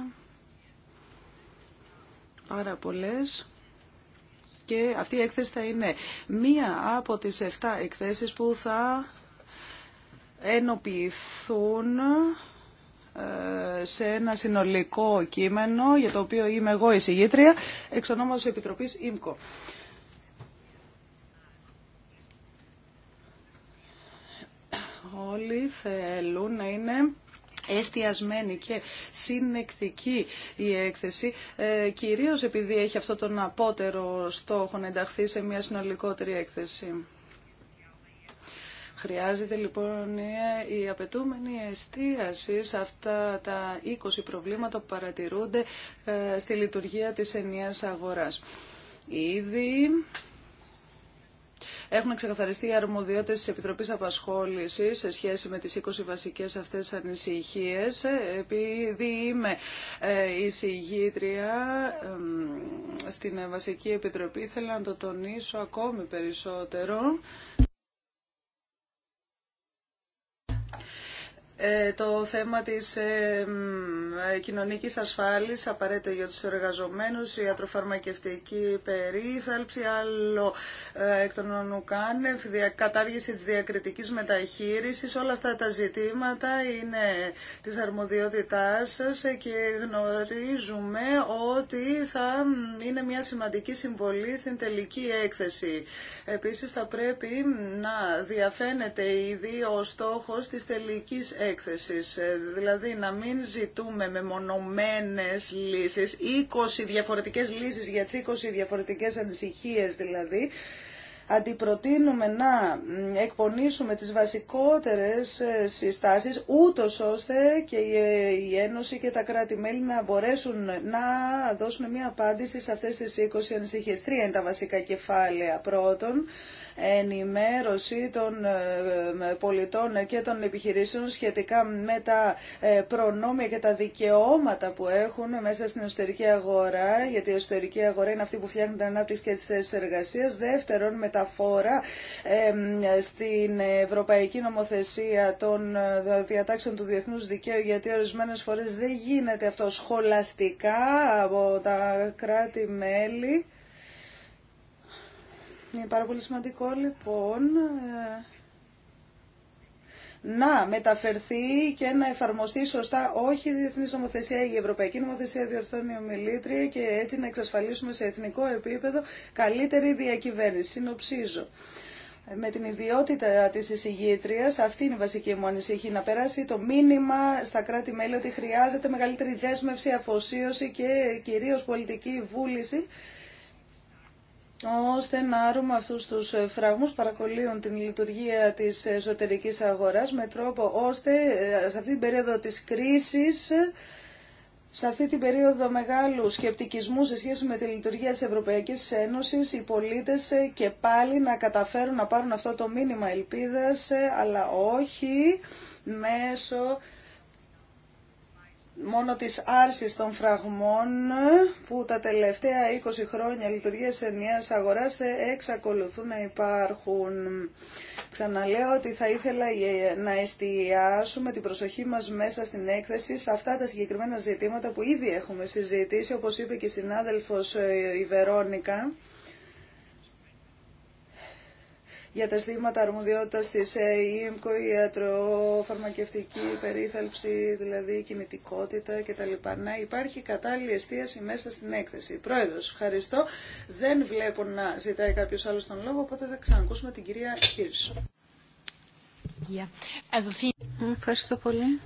πάρα πολλές και αυτή η έκθεση θα είναι μία από τις 7 εκθέσεις που θα ενοποιηθούν σε ένα συνολικό κείμενο για το οποίο είμαι εγώ εισηγήτρια εξ ονόματος Επιτροπής ΙΜΚΟ. όλοι θέλουν να είναι εστιασμένη και συνεκτική η έκθεση, ε, κυρίως επειδή έχει αυτό τον απότερο στόχο να ενταχθεί σε μια συνολικότερη έκθεση. Χρειάζεται λοιπόν ε, η απαιτούμενη εστίαση σε αυτά τα 20 προβλήματα που παρατηρούνται ε, στη λειτουργία της ενιαίας αγοράς. Ήδη έχουν ξεκαθαριστεί οι αρμοδιότητε τη Επιτροπή Απασχόληση σε σχέση με τι 20 βασικέ αυτέ ανησυχίε. Επειδή είμαι εισηγήτρια στην Βασική Επιτροπή, ήθελα να το τονίσω ακόμη περισσότερο. Ε, το θέμα της ε, ε, κοινωνικής ασφάλισης, απαραίτητο για τους εργαζομένους, η ατροφαρμακευτική περίθαλψη, άλλο εκ των ονουκάνευ, κατάργηση της διακριτικής μεταχείρισης, όλα αυτά τα ζητήματα είναι της αρμοδιότητάς σας και γνωρίζουμε ότι θα είναι μια σημαντική συμβολή στην τελική έκθεση. Επίσης θα πρέπει να διαφαίνεται ήδη ο στόχος της τελικής έκθεσης έκθεσης. Ε, δηλαδή να μην ζητούμε με μονομένες λύσεις, 20 διαφορετικές λύσεις για τις 20 διαφορετικές ανησυχίες δηλαδή, αντιπροτείνουμε να εκπονήσουμε τις βασικότερες ε, συστάσεις ούτως ώστε και ε, η Ένωση και τα κράτη-μέλη να μπορέσουν να δώσουν μια απάντηση σε αυτές τις 20 ανησυχίες. Τρία είναι τα βασικά κεφάλαια. Πρώτον, ενημέρωση των ε, ε, πολιτών και των επιχειρήσεων σχετικά με τα ε, προνόμια και τα δικαιώματα που έχουν μέσα στην εσωτερική αγορά, γιατί η εσωτερική αγορά είναι αυτή που φτιάχνει την ανάπτυξη και τις θέσεις εργασίας. Δεύτερον, μεταφορά στην ευρωπαϊκή νομοθεσία των διατάξεων του διεθνούς δικαίου, γιατί ορισμένες φορές δεν γίνεται αυτό σχολαστικά από τα κράτη-μέλη. Είναι πάρα πολύ σημαντικό λοιπόν ε, να μεταφερθεί και να εφαρμοστεί σωστά όχι η διεθνή νομοθεσία, η ευρωπαϊκή νομοθεσία διορθώνει ομιλήτρια και έτσι να εξασφαλίσουμε σε εθνικό επίπεδο καλύτερη διακυβέρνηση. Συνοψίζω. Με την ιδιότητα της εισηγήτριας, αυτή είναι η βασική μου ανησυχία, να περάσει το μήνυμα στα κράτη-μέλη ότι χρειάζεται μεγαλύτερη δέσμευση, αφοσίωση και κυρίως πολιτική βούληση ώστε να άρουμε αυτούς τους ε, φραγμούς παρακολύουν την λειτουργία της εσωτερικής αγοράς με τρόπο ώστε ε, σε αυτή την περίοδο της κρίσης σε αυτή την περίοδο μεγάλου σκεπτικισμού σε σχέση με τη λειτουργία της Ευρωπαϊκής Ένωσης, οι πολίτες ε, και πάλι να καταφέρουν να πάρουν αυτό το μήνυμα ελπίδας, αλλά όχι μέσω μόνο της άρσης των φραγμών που τα τελευταία 20 χρόνια λειτουργίας ενιαίας αγοράς εξακολουθούν να υπάρχουν. Ξαναλέω ότι θα ήθελα να εστιάσουμε την προσοχή μας μέσα στην έκθεση σε αυτά τα συγκεκριμένα ζητήματα που ήδη έχουμε συζητήσει, όπως είπε και η συνάδελφος ε, η Βερόνικα για τα στήματα αρμοδιότητας της ΕΙΜΚΟ, ιατροφαρμακευτική φαρμακευτική περίθαλψη, δηλαδή κινητικότητα κτλ. Να υπάρχει κατάλληλη εστίαση μέσα στην έκθεση. Πρόεδρος, ευχαριστώ. Δεν βλέπω να ζητάει κάποιος άλλος τον λόγο, οπότε θα ξανακούσουμε την κυρία Χίρσο. Ευχαριστώ πολύ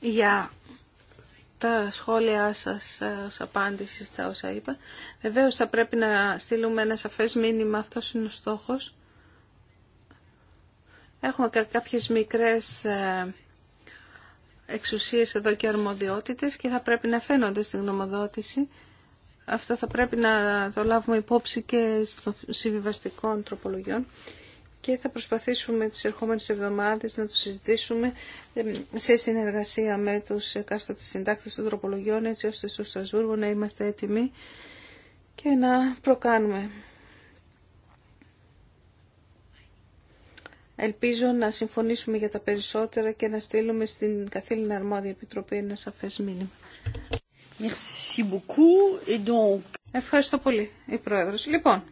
για τα σχόλιά σας ε, ως απάντηση στα όσα είπα. Βεβαίως θα πρέπει να στείλουμε ένα σαφές μήνυμα, αυτός είναι ο στόχος. Έχουμε κάποιες μικρές ε, εξουσίες εδώ και αρμοδιότητες και θα πρέπει να φαίνονται στην γνωμοδότηση. Αυτό θα πρέπει να το λάβουμε υπόψη και στο συμβιβαστικών τροπολογιών και θα προσπαθήσουμε τις ερχόμενες εβδομάδες να το συζητήσουμε σε συνεργασία με τους εκάστοτε συντάκτες των τροπολογιών έτσι ώστε στο Στρασβούργο να είμαστε έτοιμοι και να προκάνουμε. Ελπίζω να συμφωνήσουμε για τα περισσότερα και να στείλουμε στην καθήλυνα αρμόδια επιτροπή ένα σαφές μήνυμα. Ευχαριστώ πολύ, η Πρόεδρος. Λοιπόν,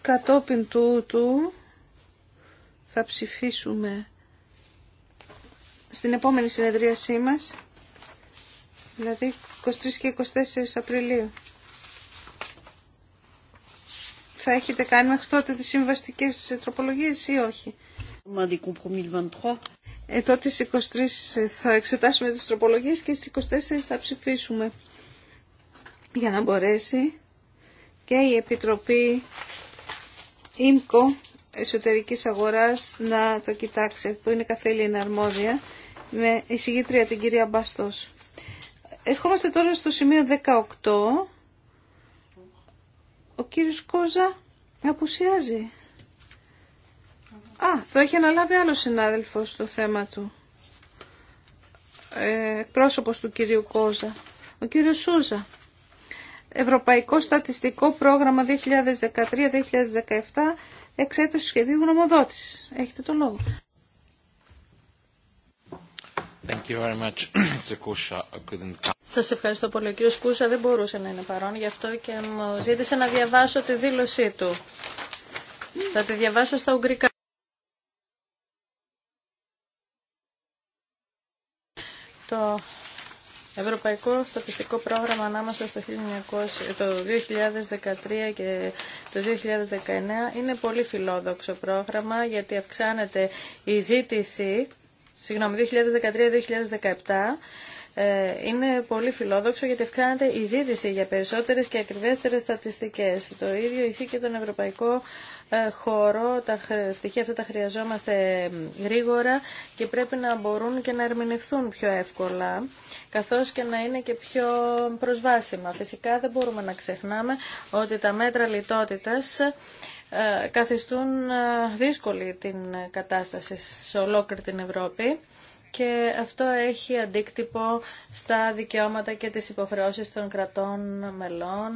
Κατόπιν τούτου θα ψηφίσουμε στην επόμενη συνεδρίασή μας, δηλαδή 23 και 24 Απριλίου. Θα έχετε κάνει μέχρι τότε τις συμβαστικές τροπολογίες ή όχι. Ε, τότε στις 23 θα εξετάσουμε τις τροπολογίες και στις 24 θα ψηφίσουμε για να μπορέσει και η Επιτροπή ΙΜΚΟ εσωτερικής αγοράς να το κοιτάξει, που είναι καθέλη αρμόδια, με εισηγήτρια την κυρία Μπαστός. Ερχόμαστε τώρα στο σημείο 18. Ο κύριος Κόζα απουσιάζει. Α, το έχει αναλάβει άλλο συνάδελφος το θέμα του. Ε, πρόσωπος του κυρίου Κόζα. Ο κύριος Σούζα. Ευρωπαϊκό Στατιστικό Πρόγραμμα 2013-2017, εξέταση σχεδίου γνωμοδότηση. Έχετε το λόγο. Thank Σας ευχαριστώ πολύ. Ο κ. Κούσα δεν μπορούσε να είναι παρόν, γι' αυτό και μου ζήτησε να διαβάσω τη δήλωσή του. Θα τη διαβάσω στα ουγγρικά. Το Ευρωπαϊκό Στατιστικό Πρόγραμμα ανάμεσα στο 1900, το 2013 και το 2019 είναι πολύ φιλόδοξο πρόγραμμα γιατί αυξάνεται η ζήτηση, συγγνώμη, 2013-2017 ε, είναι πολύ φιλόδοξο γιατί ευκράνεται η ζήτηση για περισσότερες και ακριβέστερες στατιστικές. Το ίδιο ηθεί και τον ευρωπαϊκό ε, χώρο, τα στοιχεία αυτά τα χρειαζόμαστε γρήγορα και πρέπει να μπορούν και να ερμηνευθούν πιο εύκολα, καθώς και να είναι και πιο προσβάσιμα. Φυσικά δεν μπορούμε να ξεχνάμε ότι τα μέτρα λιτότητας ε, καθιστούν δύσκολη την κατάσταση σε ολόκληρη την Ευρώπη και αυτό έχει αντίκτυπο στα δικαιώματα και τις υποχρεώσεις των κρατών μελών.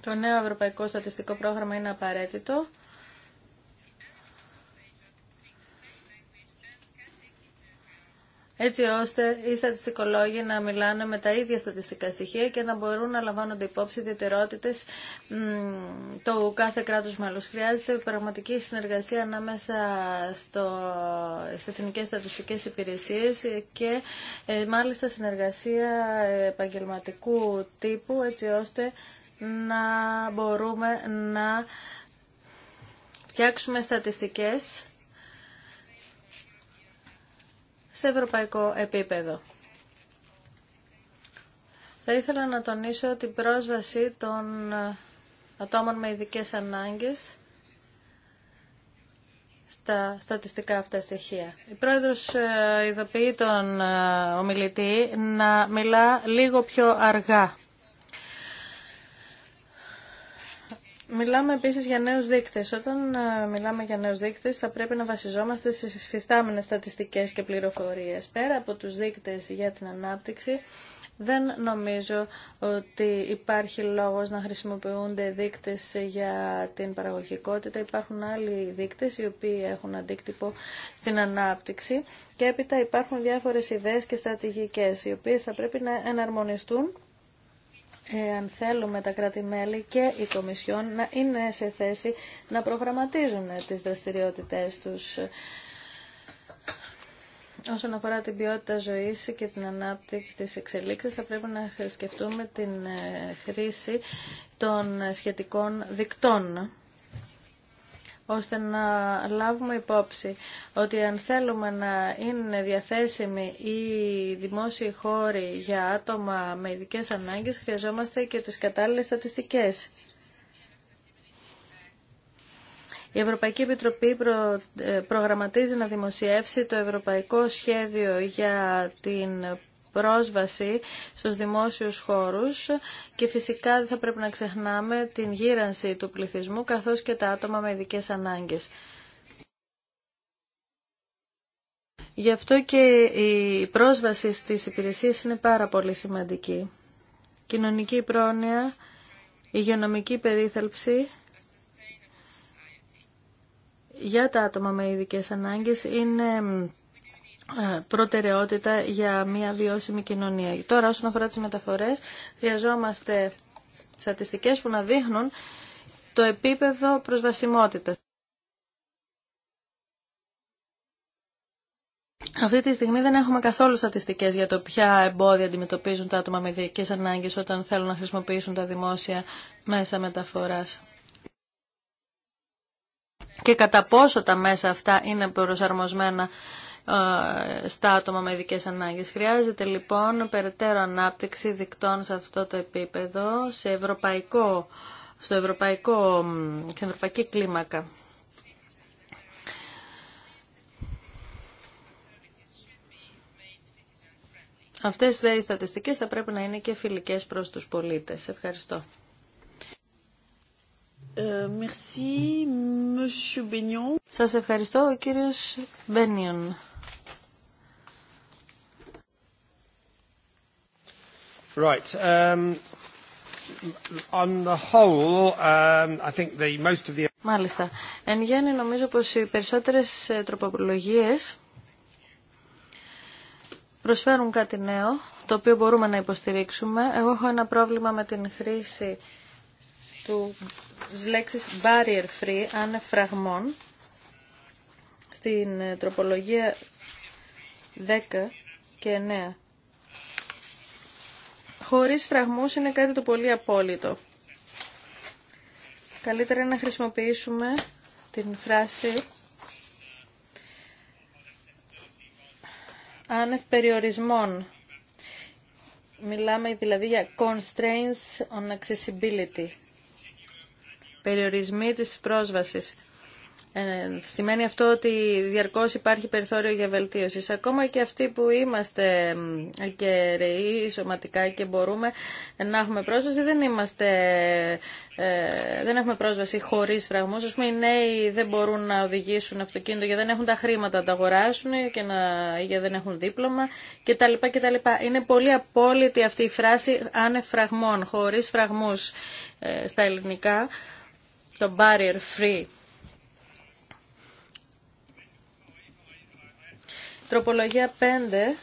Το νέο Ευρωπαϊκό Στατιστικό Πρόγραμμα είναι απαραίτητο έτσι ώστε οι στατιστικολόγοι να μιλάνε με τα ίδια στατιστικά στοιχεία και να μπορούν να λαμβάνονται υπόψη ιδιαιτερότητες το κάθε κράτος μελος Χρειάζεται πραγματική συνεργασία ανάμεσα στο, στις εθνικές στατιστικές υπηρεσίες και ε, μάλιστα συνεργασία επαγγελματικού τύπου έτσι ώστε να μπορούμε να φτιάξουμε στατιστικές σε ευρωπαϊκό επίπεδο. Θα ήθελα να τονίσω την πρόσβαση των ατόμων με ειδικές ανάγκες στα στατιστικά αυτά στοιχεία. Η πρόεδρος ε, ειδοποιεί τον ε, ομιλητή να μιλά λίγο πιο αργά. Μιλάμε επίσης για νέους δείκτες. Όταν ε, μιλάμε για νέους δείκτες θα πρέπει να βασιζόμαστε στι φυστάμενες στατιστικές και πληροφορίες. Πέρα από τους δείκτες για την ανάπτυξη, δεν νομίζω ότι υπάρχει λόγος να χρησιμοποιούνται δείκτες για την παραγωγικότητα. Υπάρχουν άλλοι δείκτες οι οποίοι έχουν αντίκτυπο στην ανάπτυξη και έπειτα υπάρχουν διάφορες ιδέες και στρατηγικές οι οποίες θα πρέπει να εναρμονιστούν αν θέλουμε τα κράτη-μέλη και η Κομισιόν να είναι σε θέση να προγραμματίζουν τις δραστηριότητές τους όσον αφορά την ποιότητα ζωής και την ανάπτυξη της εξελίξης θα πρέπει να σκεφτούμε την ε, χρήση των ε, σχετικών δικτών ώστε να λάβουμε υπόψη ότι αν θέλουμε να είναι διαθέσιμοι οι δημόσιοι χώροι για άτομα με ειδικές ανάγκες, χρειαζόμαστε και τις κατάλληλες στατιστικές. Η Ευρωπαϊκή Επιτροπή ε, προγραμματίζει να δημοσιεύσει το Ευρωπαϊκό Σχέδιο για την πρόσβαση στους δημόσιους χώρους και φυσικά δεν θα πρέπει να ξεχνάμε την γύρανση του πληθυσμού καθώς και τα άτομα με ειδικές ανάγκες. Γι' αυτό και η πρόσβαση στις υπηρεσίες είναι πάρα πολύ σημαντική. Κοινωνική πρόνοια, υγειονομική περίθαλψη για τα άτομα με ειδικές ανάγκες είναι ε, προτεραιότητα για μια βιώσιμη κοινωνία. Τώρα όσον αφορά τις μεταφορές χρειαζόμαστε στατιστικές που να δείχνουν το επίπεδο προσβασιμότητας. Αυτή τη στιγμή δεν έχουμε καθόλου στατιστικέ για το ποια εμπόδια αντιμετωπίζουν τα άτομα με ειδικέ ανάγκε όταν θέλουν να χρησιμοποιήσουν τα δημόσια μέσα μεταφορά. Και κατά πόσο τα μέσα αυτά είναι προσαρμοσμένα ε, στα άτομα με ειδικέ ανάγκες. Χρειάζεται λοιπόν περαιτέρω ανάπτυξη δικτών σε αυτό το επίπεδο, σε ευρωπαϊκό, στο ευρωπαϊκό, στην ευρωπαϊκή κλίμακα. Αυτές οι στατιστικές θα πρέπει να είναι και φιλικές προς τους πολίτες. Ευχαριστώ. Ε, Σας ευχαριστώ, ο κύριος Μπένιον. Μάλιστα. Εν γέννη νομίζω πως οι περισσότερες ε, τροπολογίες προσφέρουν κάτι νέο, το οποίο μπορούμε να υποστηρίξουμε. Εγώ έχω ένα πρόβλημα με την χρήση του λέξης barrier free, ανεφραγμών, στην ε, τροπολογία 10 και 9 χωρίς φραγμούς είναι κάτι το πολύ απόλυτο. Καλύτερα να χρησιμοποιήσουμε την φράση άνευ περιορισμών. Μιλάμε δηλαδή για constraints on accessibility. Περιορισμοί της πρόσβασης. Ε, σημαίνει αυτό ότι διαρκώς υπάρχει περιθώριο για βελτίωση. Ακόμα και αυτοί που είμαστε και ρεοί σωματικά και μπορούμε να έχουμε πρόσβαση, δεν, είμαστε, ε, δεν έχουμε πρόσβαση χωρίς φραγμούς. Ας πούμε οι νέοι δεν μπορούν να οδηγήσουν αυτοκίνητο γιατί δεν έχουν τα χρήματα να τα αγοράσουν και να, γιατί δεν έχουν δίπλωμα κτλ. κτλ. Είναι πολύ απόλυτη αυτή η φράση ανεφραγμών φραγμών, χωρίς φραγμούς ε, στα ελληνικά, το barrier free Τροπολογία 5.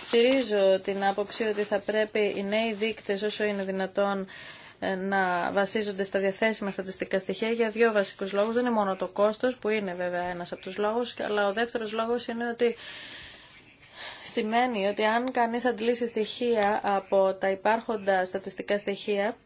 Στηρίζω την άποψη ότι θα πρέπει οι νέοι δείκτες όσο είναι δυνατόν ε, να βασίζονται στα διαθέσιμα στατιστικά στοιχεία για δύο βασικούς λόγους. Δεν είναι μόνο το κόστος που είναι βέβαια ένας από τους λόγους, αλλά ο δεύτερος λόγος είναι ότι σημαίνει ότι αν κανείς αντλήσει στοιχεία από τα υπάρχοντα στατιστικά στοιχεία,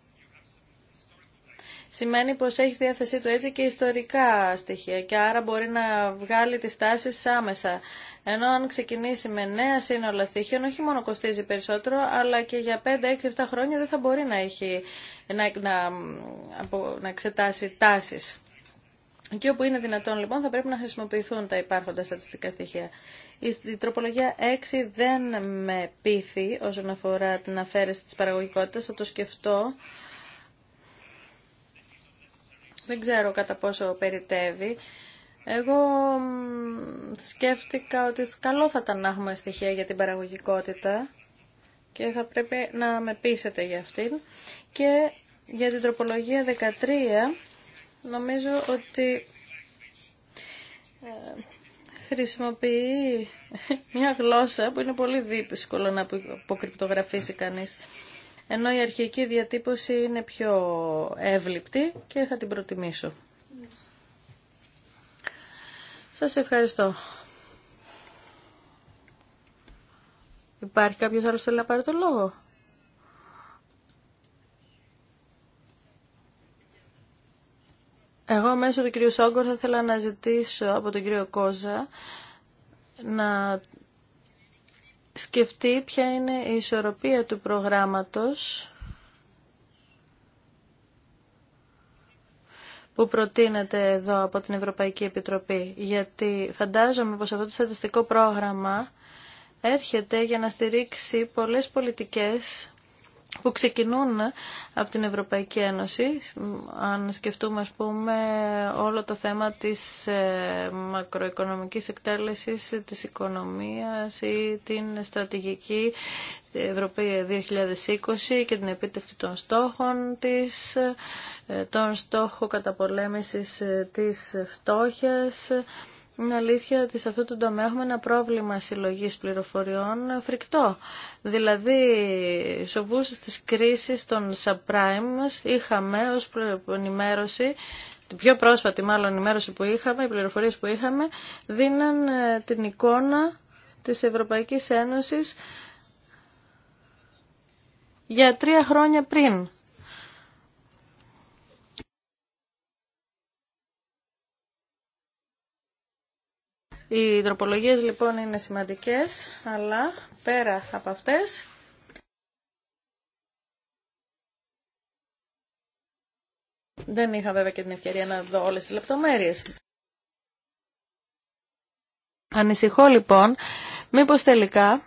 σημαίνει πως έχει στη διάθεσή του έτσι και ιστορικά στοιχεία και άρα μπορεί να βγάλει τις τάσεις άμεσα. Ενώ αν ξεκινήσει με νέα σύνολα στοιχείων, όχι μόνο κοστίζει περισσότερο, αλλά και για 5, 6, 7 χρόνια δεν θα μπορεί να, έχει, να, να, να εξετάσει τάσεις. Εκεί όπου είναι δυνατόν λοιπόν θα πρέπει να χρησιμοποιηθούν τα υπάρχοντα στατιστικά στοιχεία. Η τροπολογία 6 δεν με πείθει όσον αφορά την αφαίρεση της παραγωγικότητας, θα το σκεφτώ δεν ξέρω κατά πόσο περιτεύει. Εγώ σκέφτηκα ότι καλό θα ήταν να έχουμε στοιχεία για την παραγωγικότητα και θα πρέπει να με πείσετε για αυτήν. Και για την τροπολογία 13 νομίζω ότι ε, χρησιμοποιεί μια γλώσσα που είναι πολύ δύσκολο να αποκρυπτογραφήσει κανείς ενώ η αρχική διατύπωση είναι πιο εύληπτη και θα την προτιμήσω. Σας ευχαριστώ. Υπάρχει κάποιος άλλος που θέλει να πάρει τον λόγο. Εγώ μέσω του κυρίου Σόγκορ θα ήθελα να ζητήσω από τον κύριο Κόζα να σκεφτεί ποια είναι η ισορροπία του προγράμματος που προτείνεται εδώ από την Ευρωπαϊκή Επιτροπή. Γιατί φαντάζομαι πως αυτό το στατιστικό πρόγραμμα έρχεται για να στηρίξει πολλές πολιτικές που ξεκινούν ε, από την Ευρωπαϊκή Ένωση, αν σκεφτούμε πούμε όλο το θέμα της ε, μακροοικονομικής εκτέλεσης, της οικονομίας ή την στρατηγική Ευρωπαϊκή 2020 και την επίτευξη των στόχων της, ε, των στόχο καταπολέμησης της φτώχειας, είναι αλήθεια ότι σε αυτό το τομέα έχουμε ένα πρόβλημα συλλογής πληροφοριών φρικτό. Δηλαδή, σοβούς της κρίσης των subprime είχαμε ως ενημέρωση την πιο πρόσφατη μάλλον ενημέρωση που είχαμε, οι πληροφορίες που είχαμε, δίναν ε, την εικόνα της Ευρωπαϊκής Ένωσης για τρία χρόνια πριν. Οι τροπολογίες λοιπόν είναι σημαντικές, αλλά πέρα από αυτές δεν είχα βέβαια και την ευκαιρία να δω όλες τις λεπτομέρειες. Ανησυχώ λοιπόν, μήπως τελικά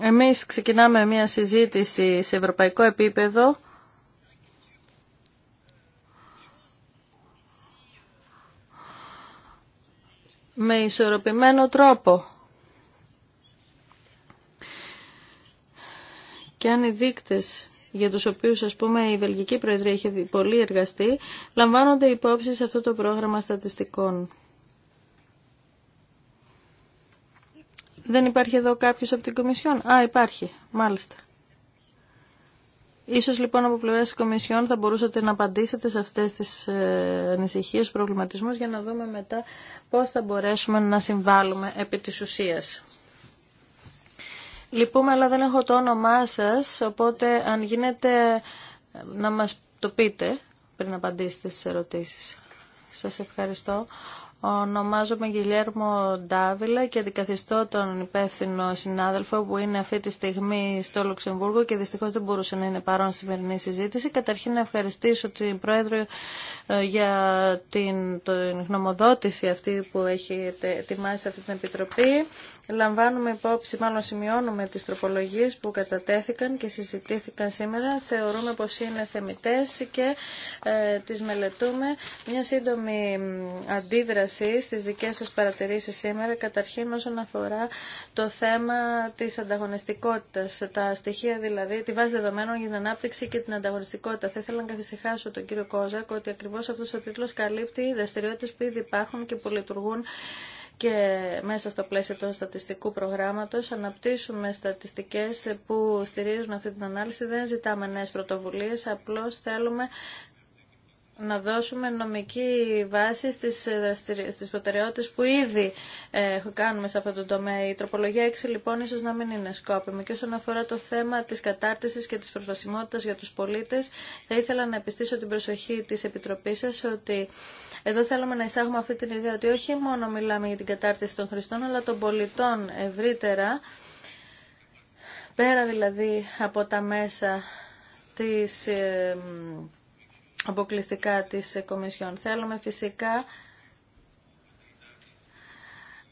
εμείς ξεκινάμε μια συζήτηση σε ευρωπαϊκό επίπεδο με ισορροπημένο τρόπο. Και αν οι δείκτες για τους οποίους ας πούμε η Βελγική Προεδρία έχει πολύ εργαστεί, λαμβάνονται υπόψη σε αυτό το πρόγραμμα στατιστικών. Δεν υπάρχει εδώ κάποιος από την Κομισιόν. Α, υπάρχει. Μάλιστα. Ίσως λοιπόν από πλευρά της Κομισιόν θα μπορούσατε να απαντήσετε σε αυτές τις ε, ανησυχίες, προβληματισμούς για να δούμε μετά πώς θα μπορέσουμε να συμβάλλουμε επί της ουσίας. Λυπούμε αλλά δεν έχω το όνομά σας, οπότε αν γίνεται ε, να μας το πείτε πριν απαντήσετε στις ερωτήσεις. Σας ευχαριστώ. Ονομάζομαι Γιλιέρμο Ντάβιλα και αντικαθιστώ τον υπεύθυνο συνάδελφο που είναι αυτή τη στιγμή στο Λουξεμβούργο και δυστυχώ δεν μπορούσε να είναι παρόν στη σημερινή συζήτηση. Καταρχήν να ευχαριστήσω την Πρόεδρο ε, για την, την γνωμοδότηση αυτή που έχει ετοιμάσει αυτή την Επιτροπή λαμβάνουμε υπόψη, μάλλον σημειώνουμε τις τροπολογίες που κατατέθηκαν και συζητήθηκαν σήμερα. Θεωρούμε πως είναι θεμητές και ε, τις μελετούμε. Μια σύντομη αντίδραση στις δικές σας παρατηρήσεις σήμερα, καταρχήν όσον αφορά το θέμα της ανταγωνιστικότητας, τα στοιχεία δηλαδή, τη βάση δεδομένων για την ανάπτυξη και την ανταγωνιστικότητα. Θα ήθελα να καθησυχάσω τον κύριο Κόζακ ότι ακριβώς αυτός ο τίτλος καλύπτει δραστηριότητες που ήδη υπάρχουν και που λειτουργούν και μέσα στο πλαίσιο των στατιστικού προγράμματος αναπτύσσουμε στατιστικές που στηρίζουν αυτή την ανάλυση. Δεν ζητάμε νέες πρωτοβουλίες, απλώς θέλουμε να δώσουμε νομική βάση στις, ε, στις προτεραιότητες που ήδη ε, κάνουμε σε αυτό το τομέα. Η τροπολογία 6 λοιπόν ίσως να μην είναι σκόπιμη. Και όσον αφορά το θέμα της κατάρτισης και της προσβασιμότητας για τους πολίτες, θα ήθελα να επιστήσω την προσοχή της Επιτροπής σας ότι εδώ θέλουμε να εισάγουμε αυτή την ιδέα ότι όχι μόνο μιλάμε για την κατάρτιση των χρηστών, αλλά των πολιτών ευρύτερα, πέρα δηλαδή από τα μέσα της... Ε, αποκλειστικά της Κομισιόν. Θέλουμε φυσικά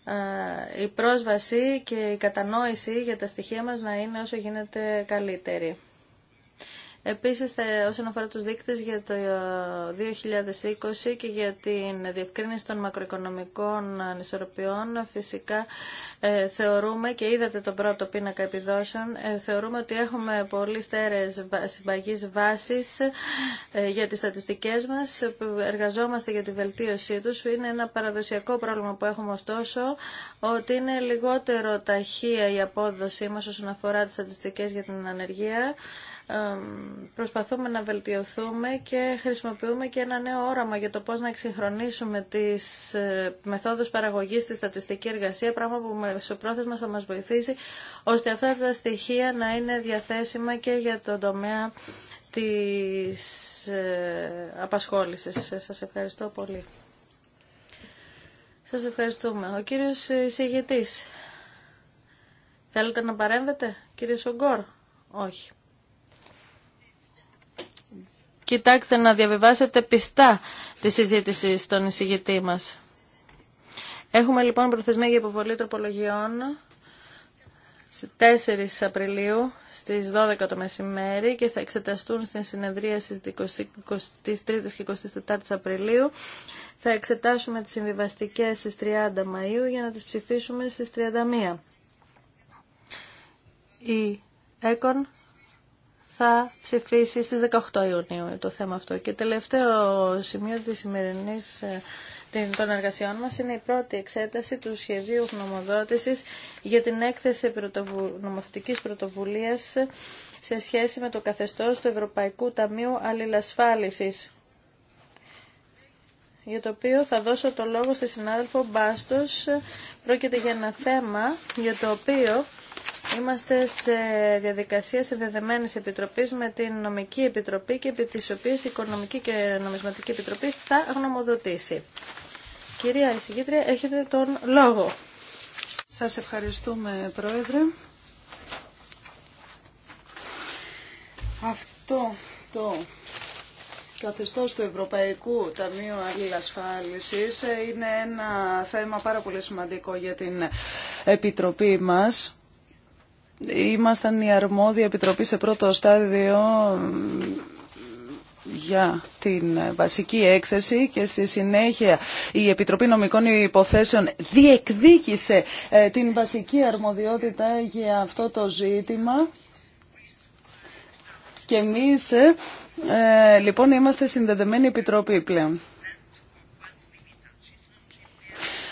ε, η πρόσβαση και η κατανόηση για τα στοιχεία μας να είναι όσο γίνεται καλύτερη. Επίσης, όσον αφορά τους δείκτες για το 2020 ε, και για την διευκρίνηση των μακροοικονομικών ανισορροπιών, φυσικά ε, θεωρούμε και είδατε τον πρώτο πίνακα επιδόσεων, ε, θεωρούμε ότι έχουμε πολύ στέρεες συμπαγής βάσεις για τις στατιστικές μας. Εργαζόμαστε για τη βελτίωσή τους. Είναι ένα παραδοσιακό πρόβλημα που έχουμε ωστόσο, ότι είναι λιγότερο ταχεία η απόδοσή μας όσον αφορά τις στατιστικές για την ανεργία προσπαθούμε να βελτιωθούμε και χρησιμοποιούμε και ένα νέο όραμα για το πώς να εξυγχρονίσουμε τις ε, μεθόδους παραγωγής στη στατιστική εργασία, πράγμα που πρόθεσμα θα μας βοηθήσει, ώστε αυτά τα στοιχεία να είναι διαθέσιμα και για τον τομέα της ε, απασχόλησης. Ε, σας ευχαριστώ πολύ. Σας ευχαριστούμε. Ο κύριος εισηγητής, θέλετε να παρέμβετε, κύριος Σογκόρ. όχι κοιτάξτε να διαβιβάσετε πιστά τη συζήτηση στον εισηγητή μας. Έχουμε λοιπόν προθεσμία για υποβολή τροπολογιών 4 Απριλίου στις 12 το μεσημέρι και θα εξεταστούν στην συνεδρία στις 23 και 24 Απριλίου. Θα εξετάσουμε τις συμβιβαστικές στις 30 Μαΐου για να τις ψηφίσουμε στις 31. Η ΕΚΟΝ θα ψηφίσει στις 18 Ιουνίου το θέμα αυτό. Και τελευταίο σημείο της σημερινής ε, των εργασιών μας είναι η πρώτη εξέταση του σχεδίου γνωμοδότησης για την έκθεση νομοθετικής πρωτοβουλίας σε σχέση με το καθεστώς του Ευρωπαϊκού Ταμείου Αλληλασφάλισης για το οποίο θα δώσω το λόγο στη συνάδελφο Μπάστος. Πρόκειται για ένα θέμα για το οποίο Είμαστε σε διαδικασία συνδεδεμένη επιτροπή με την νομική επιτροπή και επί τη οποία η οικονομική και νομισματική επιτροπή θα γνωμοδοτήσει. Κυρία Εισηγήτρια, έχετε τον λόγο. Σας ευχαριστούμε, Πρόεδρε. Αυτό το καθεστώς του Ευρωπαϊκού Ταμείου Αλληλασφάλισης είναι ένα θέμα πάρα πολύ σημαντικό για την Επιτροπή μας. Ήμασταν η αρμόδια επιτροπή σε πρώτο στάδιο για την βασική έκθεση και στη συνέχεια η Επιτροπή Νομικών Υποθέσεων διεκδίκησε ε, την βασική αρμοδιότητα για αυτό το ζήτημα και εμείς ε, ε, λοιπόν είμαστε συνδεδεμένη επιτροπή πλέον.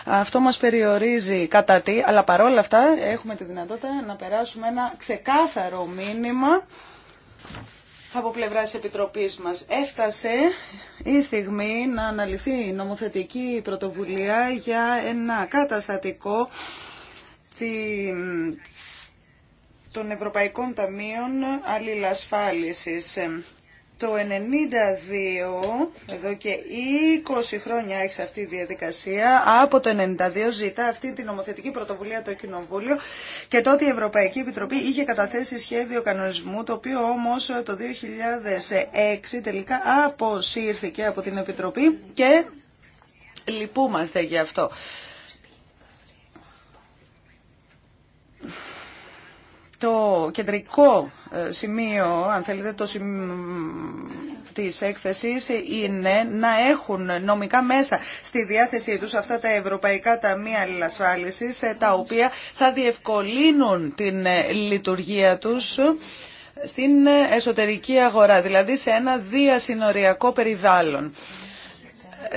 Αυτό μας περιορίζει κατά τι, αλλά παρόλα αυτά έχουμε τη δυνατότητα να περάσουμε ένα ξεκάθαρο μήνυμα από πλευρά τη Επιτροπή μα. Έφτασε η στιγμή να αναλυθεί η νομοθετική πρωτοβουλία για ένα καταστατικό των Ευρωπαϊκών Ταμείων Αλληλασφάλισης το 92, εδώ και 20 χρόνια έχει αυτή η διαδικασία, από το 92 ζητά αυτή την νομοθετική πρωτοβουλία το Κοινοβούλιο και τότε η Ευρωπαϊκή Επιτροπή είχε καταθέσει σχέδιο κανονισμού, το οποίο όμως το 2006 τελικά αποσύρθηκε από την Επιτροπή και λυπούμαστε γι' αυτό. το κεντρικό ε, σημείο, αν θέλετε, το της έκθεσης είναι να έχουν νομικά μέσα στη διάθεσή τους αυτά τα Ευρωπαϊκά Ταμεία Αλληλασφάλισης, ε, τα οποία θα διευκολύνουν την ε, λειτουργία τους στην εσωτερική αγορά, δηλαδή σε ένα διασυνοριακό περιβάλλον.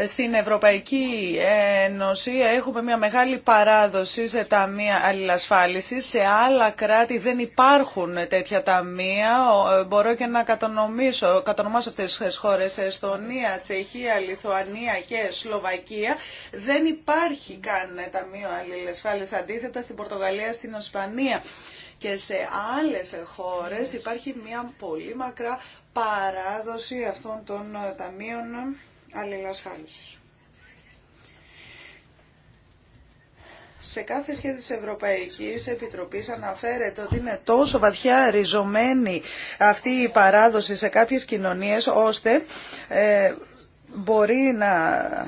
Στην Ευρωπαϊκή Ένωση έχουμε μια μεγάλη παράδοση σε ταμεία αλληλασφάλισης. Σε άλλα κράτη δεν υπάρχουν τέτοια ταμεία. Ε, μπορώ και να κατονομήσω, κατονομάσω αυτές τις χώρες. Εστονία, Τσεχία, Λιθουανία και Σλοβακία. Δεν υπάρχει καν ταμείο αλληλασφάλισης. Αντίθετα στην Πορτογαλία, στην Ισπανία και σε άλλες χώρες υπάρχει μια πολύ μακρά παράδοση αυτών των ταμείων σε κάθε σχέδιο της Ευρωπαϊκής Επιτροπής αναφέρεται ότι είναι τόσο βαθιά ριζωμένη αυτή η παράδοση σε κάποιες κοινωνίες ώστε ε, μπορεί να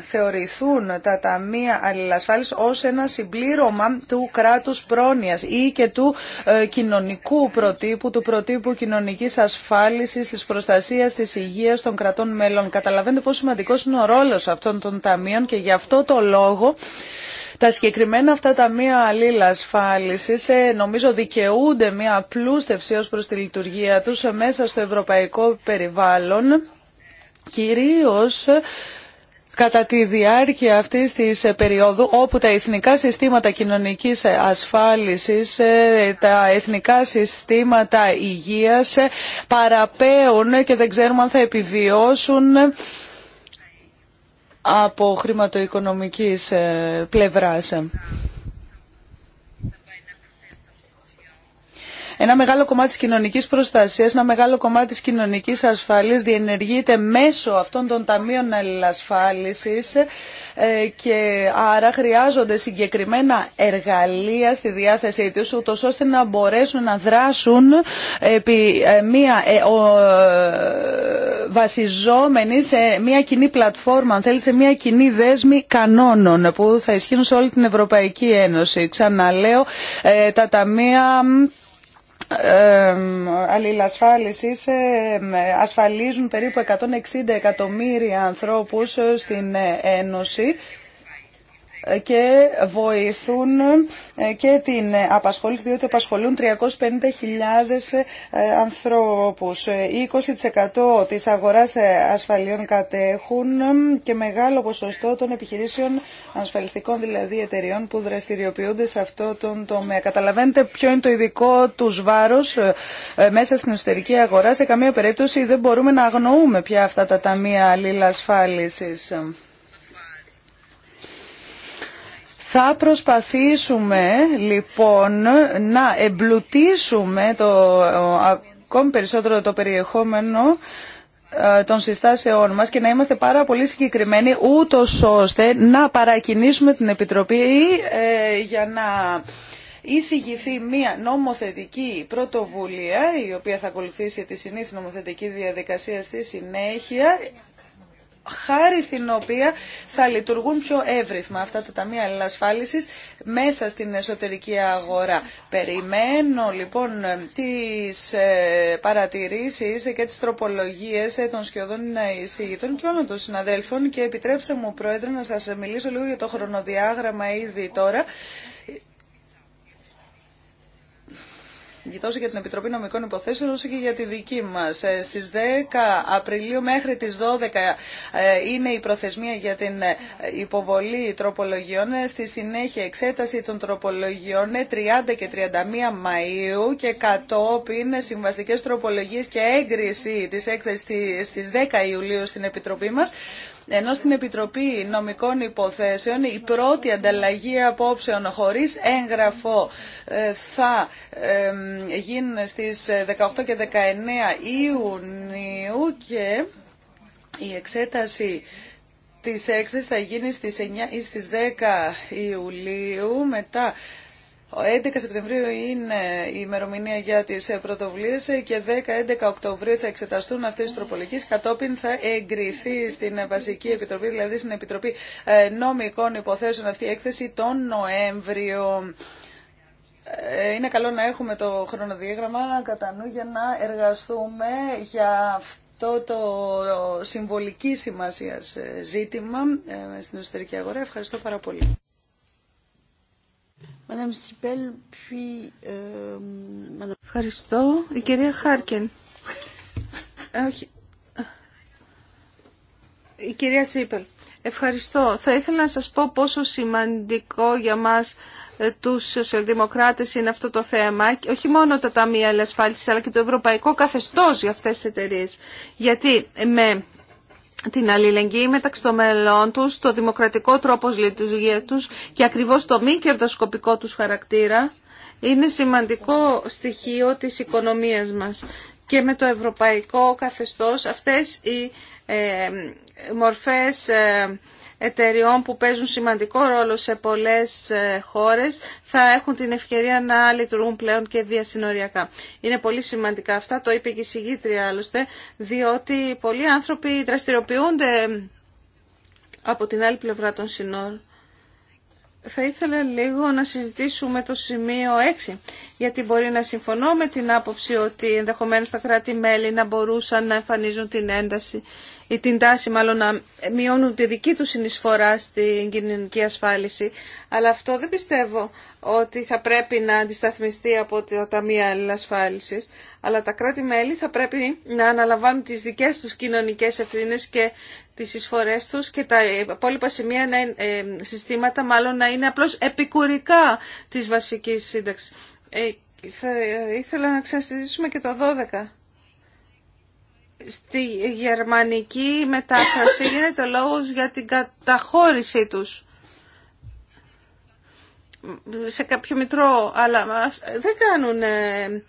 θεωρηθούν τα ταμεία αλληλασφάλισης ως ένα συμπλήρωμα του κράτους πρόνοιας ή και του ε, κοινωνικού προτύπου, του προτύπου κοινωνικής ασφάλισης, της προστασίας, της υγείας των κρατών μέλων. Καταλαβαίνετε πόσο σημαντικός είναι ο ρόλος αυτών των ταμείων και γι' αυτό το λόγο τα συγκεκριμένα αυτά τα μία ε, νομίζω δικαιούνται μία απλούστευση ως προς τη λειτουργία τους μέσα στο ευρωπαϊκό περιβάλλον κυρίως κατά τη διάρκεια αυτής της περίοδου όπου τα εθνικά συστήματα κοινωνικής ασφάλισης, ε, τα εθνικά συστήματα υγείας παραπέουν και δεν ξέρουμε αν θα επιβιώσουν από χρηματοοικονομικής ε, πλευράς. Ένα μεγάλο κομμάτι τη κοινωνική προστασία, ένα μεγάλο κομμάτι τη κοινωνική ασφάλεια διενεργείται μέσω αυτών των ταμείων αλληλασφάλιση ε, και άρα χρειάζονται συγκεκριμένα εργαλεία στη διάθεσή του, ούτω ώστε να μπορέσουν να δράσουν επί ε, μία ε, βασιζόμενη σε μία κοινή πλατφόρμα, αν θέλει, σε μία κοινή δέσμη κανόνων που θα ισχύουν σε όλη την Ευρωπαϊκή Ένωση. Ξαναλέω, τα ταμεία αλληλασφάλισης ασφαλίζουν περίπου 160 εκατομμύρια ανθρώπους ε, στην ε, Ένωση και βοηθούν ε, και την απασχόληση, διότι απασχολούν 350.000 ε, ανθρώπους. 20% ε, της αγοράς ασφαλείων κατέχουν και μεγάλο ποσοστό των επιχειρήσεων ασφαλιστικών δηλαδή εταιριών που δραστηριοποιούνται σε αυτό τον τομέα. Καταλαβαίνετε ποιο είναι το ειδικό τους βάρος μέσα στην εσωτερική αγορά. Σε καμία περίπτωση δεν μπορούμε να αγνοούμε πια αυτά τα ταμεία αλληλασφάλισης. Θα προσπαθήσουμε λοιπόν να εμπλουτίσουμε το, ακόμη περισσότερο το περιεχόμενο ε, των συστάσεών μας και να είμαστε πάρα πολύ συγκεκριμένοι ούτω ώστε να παρακινήσουμε την Επιτροπή ε, για να εισηγηθεί μια νομοθετική πρωτοβουλία η οποία θα ακολουθήσει τη συνήθινη νομοθετική διαδικασία στη συνέχεια χάρη στην οποία θα λειτουργούν πιο εύρυθμα αυτά τα ταμεία ασφάλισης μέσα στην εσωτερική αγορά. Περιμένω λοιπόν τις ε, παρατηρήσεις και τις τροπολογίες ε, των σχεδόν εισηγητών και όλων των συναδέλφων και επιτρέψτε μου Πρόεδρε να σας μιλήσω λίγο για το χρονοδιάγραμμα ήδη τώρα. τόσο για την Επιτροπή Νομικών Υποθέσεων όσο και για τη δική μας. Ε, στις 10 Απριλίου μέχρι τις 12 ε, είναι η προθεσμία για την ε, υποβολή τροπολογιών. Στη συνέχεια εξέταση των τροπολογιών 30 και 31 Μαΐου και κατόπιν συμβαστικές τροπολογίες και έγκριση της έκθεσης στις 10 Ιουλίου στην Επιτροπή μας. Ενώ στην Επιτροπή Νομικών Υποθέσεων η πρώτη ανταλλαγή απόψεων χωρίς έγγραφο ε, θα γίνει στις 18 ε, και 19 Ιουνίου και η εξέταση της έκθεσης θα γίνει στις 9 ή στις 10 Ιουλίου μετά ο 11 Σεπτεμβρίου είναι η ημερομηνία για τι ε, πρωτοβουλίε και 10-11 Οκτωβρίου θα εξεταστούν αυτέ τι τροπολογίες. Κατόπιν θα εγκριθεί στην Βασική Επιτροπή, δηλαδή στην Επιτροπή ε, Νομικών Υποθέσεων αυτή η έκθεση τον Νοέμβριο. Ε, είναι καλό να έχουμε το χρονοδιάγραμμα κατά νου για να εργαστούμε για αυτό το συμβολική σημασία ζήτημα στην εσωτερική αγορά. Ευχαριστώ πάρα πολύ. Euh, Ευχαριστώ. Η κυρία Χάρκεν. Η κυρία Σίπελ. Ευχαριστώ. Θα ήθελα να σας πω πόσο σημαντικό για μας ε, τους σοσιαλδημοκράτες είναι αυτό το θέμα, όχι μόνο τα ταμεία ελασφάλισης, αλλά και το ευρωπαϊκό καθεστώς για αυτές τις εταιρείες. Γιατί με την αλληλεγγύη μεταξύ των μελών τους, το δημοκρατικό τρόπο λειτουργία τους και ακριβώς το μη κερδοσκοπικό τους χαρακτήρα είναι σημαντικό στοιχείο της οικονομίας μας. Και με το ευρωπαϊκό καθεστώς αυτές οι ε, μορφές ε, εταιριών που παίζουν σημαντικό ρόλο σε πολλές ε, χώρες θα έχουν την ευκαιρία να λειτουργούν πλέον και διασυνοριακά. Είναι πολύ σημαντικά αυτά, το είπε και η συγγήτρια άλλωστε, διότι πολλοί άνθρωποι δραστηριοποιούνται από την άλλη πλευρά των συνόρων. Θα ήθελα λίγο να συζητήσουμε το σημείο 6, γιατί μπορεί να συμφωνώ με την άποψη ότι ενδεχομένως τα κράτη-μέλη να μπορούσαν να εμφανίζουν την ένταση ή την τάση μάλλον να μειώνουν τη δική τους συνεισφορά στην κοινωνική ασφάλιση. Αλλά αυτό δεν πιστεύω ότι θα πρέπει να αντισταθμιστεί από τα ταμεία ασφάλισης. Αλλά τα κράτη-μέλη θα πρέπει να αναλαμβάνουν τις δικές τους κοινωνικές ευθύνε και τις εισφορές τους και τα υπόλοιπα σημεία είναι, ε, συστήματα μάλλον να είναι απλώς επικουρικά της βασικής σύνταξης. Ε, ήθελα να ξαναστηρίσουμε και το 12 στη γερμανική μετάφραση γίνεται λόγος για την καταχώρησή τους σε κάποιο μητρό, αλλά δεν κάνουν ε,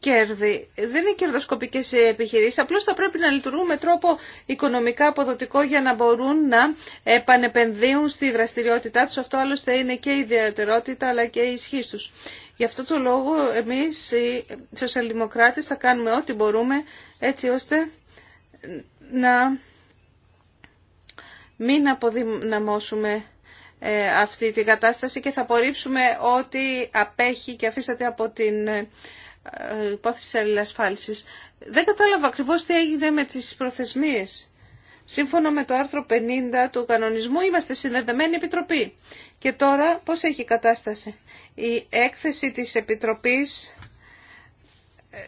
κέρδη. Δεν είναι κερδοσκοπικές επιχειρήσεις, απλώς θα πρέπει να λειτουργούν με τρόπο οικονομικά αποδοτικό για να μπορούν να επανεπενδύουν στη δραστηριότητά τους. Αυτό άλλωστε είναι και η ιδιαιτερότητα αλλά και η ισχύ τους. Γι' αυτό το λόγο εμείς οι σοσιαλδημοκράτες θα κάνουμε ό,τι μπορούμε έτσι ώστε να μην αποδυναμώσουμε ε, αυτή την κατάσταση και θα απορρίψουμε ό,τι απέχει και αφήσατε από την ε, υπόθεση της Δεν κατάλαβα ακριβώς τι έγινε με τις προθεσμίες. Σύμφωνα με το άρθρο 50 του κανονισμού είμαστε συνδεδεμένη επιτροπή. Και τώρα πώς έχει η κατάσταση. Η έκθεση της Επιτροπής ε,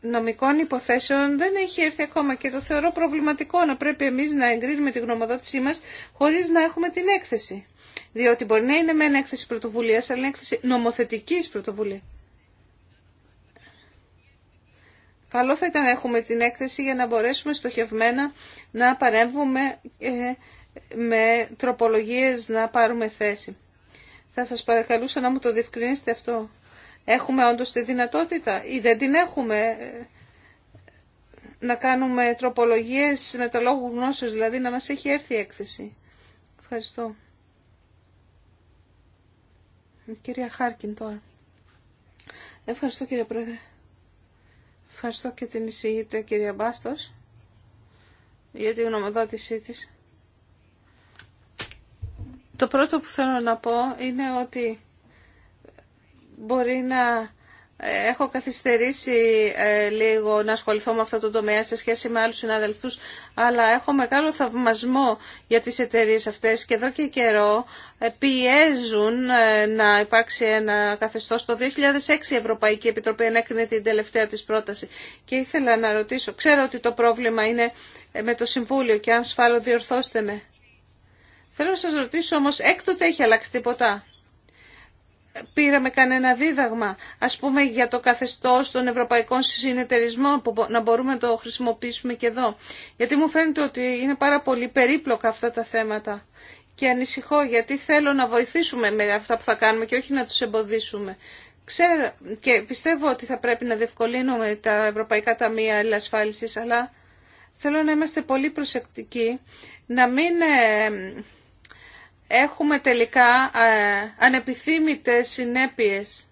νομικών υποθέσεων δεν έχει έρθει ακόμα και το θεωρώ προβληματικό να πρέπει εμείς να εγκρίνουμε τη γνωμοδότησή μας χωρίς να έχουμε την έκθεση. Διότι μπορεί να είναι με ένα έκθεση πρωτοβουλίας, αλλά είναι έκθεση νομοθετικής πρωτοβουλίας. Καλό θα ήταν να έχουμε την έκθεση για να μπορέσουμε στοχευμένα να παρέμβουμε ε, με τροπολογίες να πάρουμε θέση. Θα σας παρακαλούσα να μου το διευκρινίσετε αυτό. Έχουμε όντως τη δυνατότητα ή δεν την έχουμε ε, να κάνουμε τροπολογίες με το λόγο γνώσεως, δηλαδή να μας έχει έρθει η έκθεση. Ευχαριστώ. Κυρία Χάρκιν τώρα. Ευχαριστώ κύριε Πρόεδρε. Ευχαριστώ και την εισηγήτρια κυρία Μπάστος για την γνωμοδότησή της. Το πρώτο που θέλω να πω είναι ότι μπορεί να Έχω καθυστερήσει ε, λίγο να ασχοληθώ με αυτό το τομέα σε σχέση με άλλους συναδελφούς, αλλά έχω μεγάλο θαυμασμό για τις εταιρείες αυτές και εδώ και καιρό ε, πιέζουν ε, να υπάρξει ένα καθεστώς. Το 2006 η Ευρωπαϊκή Επιτροπή ενέκρινε την τελευταία της πρόταση και ήθελα να ρωτήσω, ξέρω ότι το πρόβλημα είναι με το Συμβούλιο και αν σφάλω διορθώστε με. Θέλω να σας ρωτήσω όμως, έκτοτε έχει αλλάξει τίποτα πήραμε κανένα δίδαγμα, ας πούμε για το καθεστώς των ευρωπαϊκών συνεταιρισμών που να μπορούμε να το χρησιμοποιήσουμε και εδώ. Γιατί μου φαίνεται ότι είναι πάρα πολύ περίπλοκα αυτά τα θέματα και ανησυχώ γιατί θέλω να βοηθήσουμε με αυτά που θα κάνουμε και όχι να τους εμποδίσουμε. Ξέρω και πιστεύω ότι θα πρέπει να διευκολύνουμε τα Ευρωπαϊκά Ταμεία Ελλασφάλισης, αλλά θέλω να είμαστε πολύ προσεκτικοί, να μην ε, έχουμε τελικά ε, ανεπιθύμητες συνέπειες.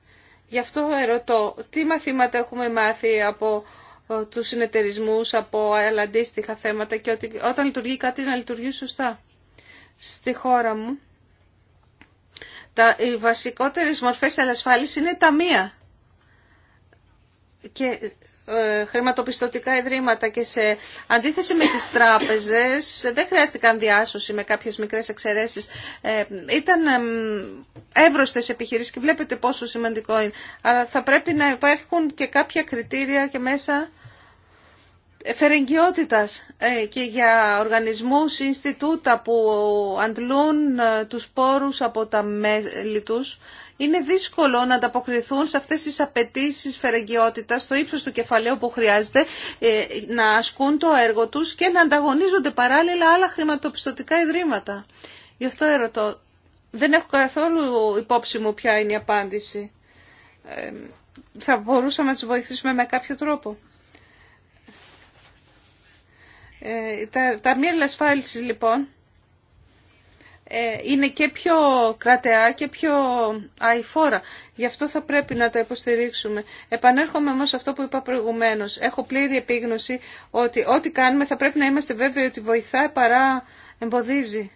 Γι' αυτό ερωτώ, τι μαθήματα έχουμε μάθει από ε, τους συνεταιρισμού, από άλλα αντίστοιχα θέματα και ότι όταν λειτουργεί κάτι να λειτουργεί σωστά. Στη χώρα μου, τα, οι βασικότερες μορφές ανασφάλισης είναι τα Και ε, χρηματοπιστωτικά ιδρύματα και σε αντίθεση με τις τράπεζες δεν χρειάστηκαν διάσωση με κάποιες μικρές εξαιρέσεις. Ε, ήταν εύρωστες επιχειρήσεις και βλέπετε πόσο σημαντικό είναι. Αλλά θα πρέπει να υπάρχουν και κάποια κριτήρια και μέσα φερεγγιότητας ε, και για οργανισμούς, Ινστιτούτα που αντλούν τους πόρους από τα μέλη τους είναι δύσκολο να ανταποκριθούν σε αυτές τις απαιτήσει φερεγγιότητας στο ύψος του κεφαλαίου που χρειάζεται ε, να ασκούν το έργο τους και να ανταγωνίζονται παράλληλα άλλα χρηματοπιστωτικά ιδρύματα. Γι' αυτό ερωτώ. Δεν έχω καθόλου υπόψη μου ποια είναι η απάντηση. θα μπορούσαμε να τις βοηθήσουμε με κάποιο τρόπο. Ε, τα, τα μύρια ασφάλισης λοιπόν ε, είναι και πιο κρατεά και πιο αηφόρα. Γι' αυτό θα πρέπει να τα υποστηρίξουμε. Επανέρχομαι όμως αυτό που είπα προηγουμένως. Έχω πλήρη επίγνωση ότι ό,τι κάνουμε θα πρέπει να είμαστε βέβαιοι ότι βοηθάει παρά εμποδίζει.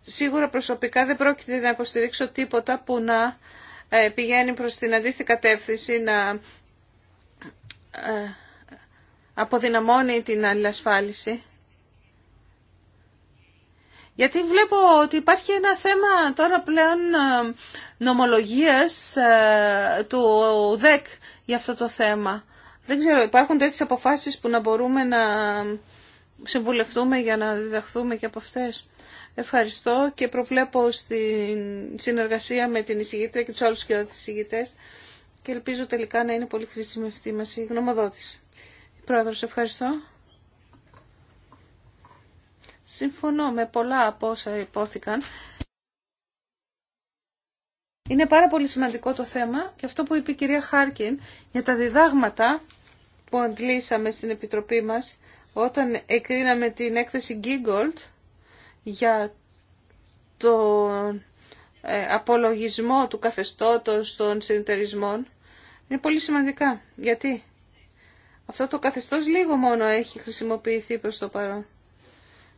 Σίγουρα προσωπικά δεν πρόκειται να υποστηρίξω τίποτα που να ε, πηγαίνει προς την αντίθετη κατεύθυνση, να ε, αποδυναμώνει την αλληλασφάλιση. Γιατί βλέπω ότι υπάρχει ένα θέμα τώρα πλέον ε, νομολογίας ε, του ΔΕΚ για αυτό το θέμα. Δεν ξέρω, υπάρχουν τέτοιες αποφάσεις που να μπορούμε να συμβουλευτούμε για να διδαχθούμε και από αυτές. Ευχαριστώ και προβλέπω στην συνεργασία με την εισηγήτρια και τους άλλους και εισηγητές και ελπίζω τελικά να είναι πολύ χρήσιμη αυτή μας η γνωμοδότηση. Πρόεδρος, ευχαριστώ. Συμφωνώ με πολλά από όσα υπόθηκαν. Είναι πάρα πολύ σημαντικό το θέμα και αυτό που είπε η κυρία Χάρκιν για τα διδάγματα που αντλήσαμε στην Επιτροπή μας όταν εκρίναμε την έκθεση Giggold για το ε, απολογισμό του καθεστώτος των συνεταιρισμών είναι πολύ σημαντικά. Γιατί αυτό το καθεστώς λίγο μόνο έχει χρησιμοποιηθεί προς το παρόν.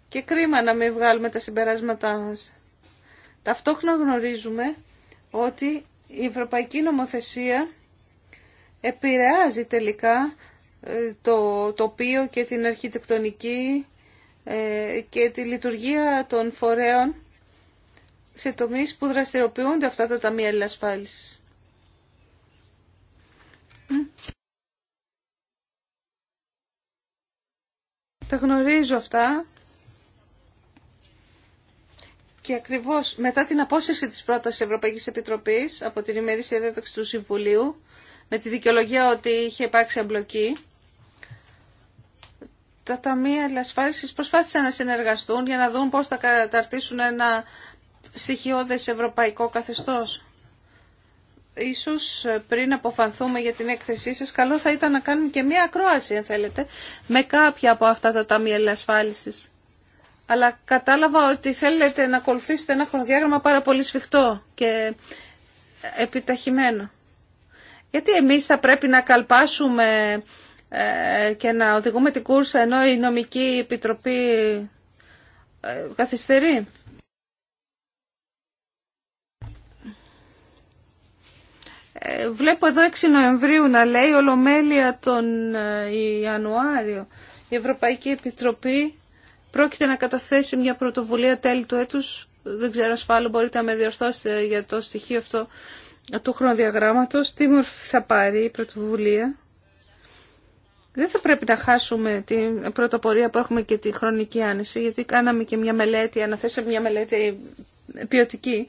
Και κρίμα να μην βγάλουμε τα συμπεράσματά μας. Ταυτόχρονα γνωρίζουμε ότι η ευρωπαϊκή νομοθεσία επηρεάζει τελικά ε, το τοπίο και την αρχιτεκτονική ε, και τη λειτουργία των φορέων σε τομείς που δραστηριοποιούνται αυτά τα ταμεία ελασφάλισης. Τα γνωρίζω αυτά και ακριβώς μετά την απόσταση της πρόταση Ευρωπαϊκής Επιτροπής από την ημερήσια διάταξη του Συμβουλίου, με τη δικαιολογία ότι είχε υπάρξει εμπλοκή, τα ταμεία ελασφάλισης προσπάθησαν να συνεργαστούν για να δουν πώς θα καταρτήσουν ένα στοιχειώδες ευρωπαϊκό καθεστώς. Ίσως πριν αποφανθούμε για την έκθεσή σας, καλό θα ήταν να κάνουμε και μία ακρόαση, αν θέλετε, με κάποια από αυτά τα ταμεία ελασφάλιση αλλά κατάλαβα ότι θέλετε να ακολουθήσετε ένα χρονοδιάγραμμα πάρα πολύ σφιχτό και επιταχυμένο. Γιατί εμείς θα πρέπει να καλπάσουμε ε, και να οδηγούμε την κούρσα ενώ η νομική επιτροπή ε, καθυστερεί. Ε, βλέπω εδώ 6 Νοεμβρίου να λέει Ολομέλεια τον Ιανουάριο. Η Ευρωπαϊκή Επιτροπή πρόκειται να καταθέσει μια πρωτοβουλία τέλη του έτους. Δεν ξέρω ασφάλω μπορείτε να με διορθώσετε για το στοιχείο αυτό του χρονοδιαγράμματος. Τι μορφή θα πάρει η πρωτοβουλία. Δεν θα πρέπει να χάσουμε την πρωτοπορία που έχουμε και τη χρονική άνεση, γιατί κάναμε και μια μελέτη, αναθέσαμε μια μελέτη ποιοτική.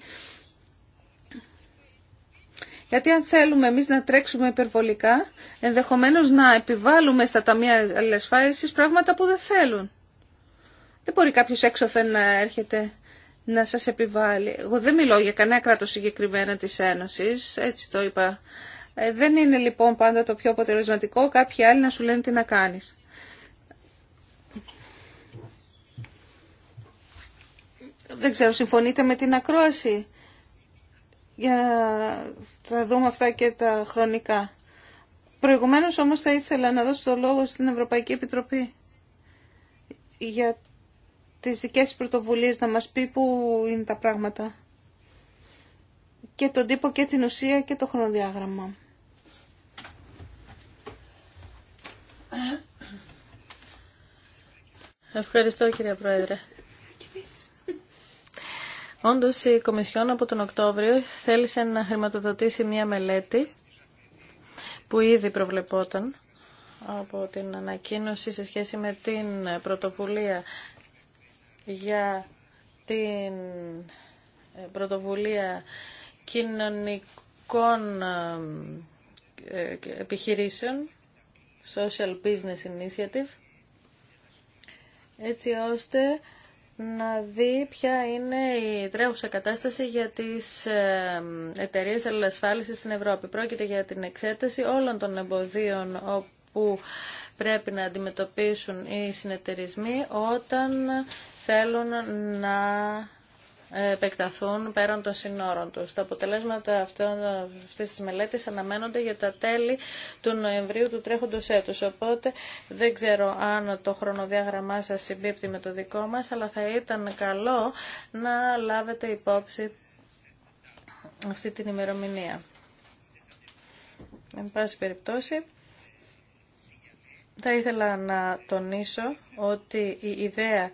Γιατί αν θέλουμε εμείς να τρέξουμε υπερβολικά, ενδεχομένως να επιβάλλουμε στα ταμεία πράγματα που δεν θέλουν. Δεν μπορεί κάποιος έξωθεν να έρχεται να σας επιβάλλει. Εγώ δεν μιλώ για κανένα κράτος συγκεκριμένα της Ένωσης, έτσι το είπα. Ε, δεν είναι λοιπόν πάντα το πιο αποτελεσματικό κάποιοι άλλοι να σου λένε τι να κάνεις. Δεν ξέρω, συμφωνείτε με την ακρόαση για να δούμε αυτά και τα χρονικά. Προηγουμένως όμως θα ήθελα να δώσω το λόγο στην Ευρωπαϊκή Επιτροπή για τις δικές πρωτοβουλίες να μας πει πού είναι τα πράγματα. Και τον τύπο και την ουσία και το χρονοδιάγραμμα. Ευχαριστώ κύριε Πρόεδρε. Όντως η Κομισιόν από τον Οκτώβριο θέλησε να χρηματοδοτήσει μία μελέτη που ήδη προβλεπόταν από την ανακοίνωση σε σχέση με την πρωτοβουλία για την ε, πρωτοβουλία κοινωνικών ε, ε, επιχειρήσεων, Social Business Initiative, έτσι ώστε να δει ποια είναι η τρέχουσα κατάσταση για τις εταιρείες αλληλασφάλισης στην Ευρώπη. Πρόκειται για την εξέταση όλων των εμποδίων όπου πρέπει να αντιμετωπίσουν οι συνεταιρισμοί όταν θέλουν να επεκταθούν πέραν των συνόρων τους. Τα αποτελέσματα αυτής της μελέτης αναμένονται για τα τέλη του Νοεμβρίου του τρέχοντος έτους. Οπότε δεν ξέρω αν το χρονοδιάγραμμά σας συμπίπτει με το δικό μας, αλλά θα ήταν καλό να λάβετε υπόψη αυτή την ημερομηνία. Εν πάση περιπτώσει, θα ήθελα να τονίσω ότι η ιδέα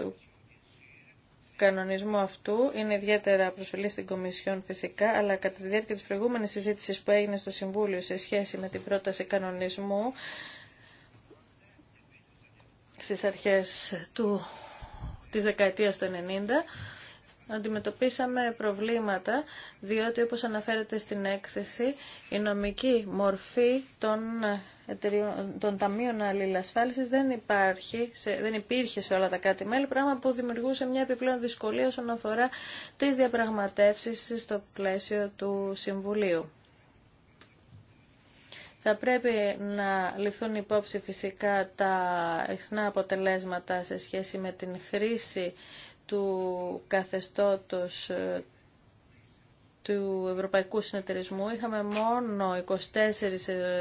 του κανονισμού αυτού είναι ιδιαίτερα προσφυλή στην Κομισιόν φυσικά, αλλά κατά τη διάρκεια της προηγούμενης συζήτησης που έγινε στο Συμβούλιο σε σχέση με την πρόταση κανονισμού στις αρχές του, της δεκαετίας του 90, αντιμετωπίσαμε προβλήματα, διότι όπως αναφέρεται στην έκθεση, η νομική μορφή των των Ταμείων Αλληλασφάλιση δεν, δεν υπήρχε σε όλα τα κράτη-μέλη, πράγμα που δημιουργούσε μια επιπλέον δυσκολία όσον αφορά τι διαπραγματεύσει στο πλαίσιο του Συμβουλίου. Θα πρέπει να ληφθούν υπόψη φυσικά τα εχθνά αποτελέσματα σε σχέση με την χρήση του καθεστώτος του Ευρωπαϊκού Συνεταιρισμού. Είχαμε μόνο 24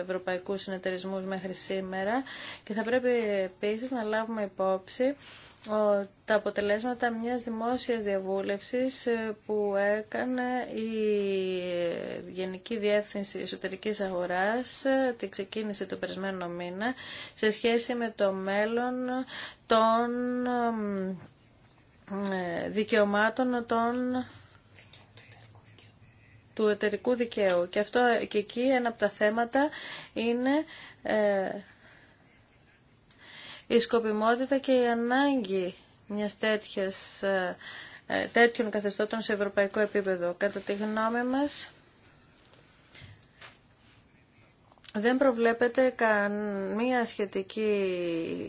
Ευρωπαϊκούς Συνεταιρισμού μέχρι σήμερα και θα πρέπει επίσης να λάβουμε υπόψη τα αποτελέσματα μιας δημόσιας διαβούλευσης ε, που έκανε η Γενική Διεύθυνση Εσωτερικής Αγοράς, ε, την ξεκίνησε το περισμένο μήνα, σε σχέση με το μέλλον των ε, δικαιωμάτων των του εταιρικού δικαίου. Και, αυτό, και εκεί ένα από τα θέματα είναι ε, η σκοπιμότητα και η ανάγκη μιας τέτοιας, ε, ε, τέτοιων καθεστώτων σε ευρωπαϊκό επίπεδο. Κατά τη γνώμη μας, δεν προβλέπεται καμία σχετική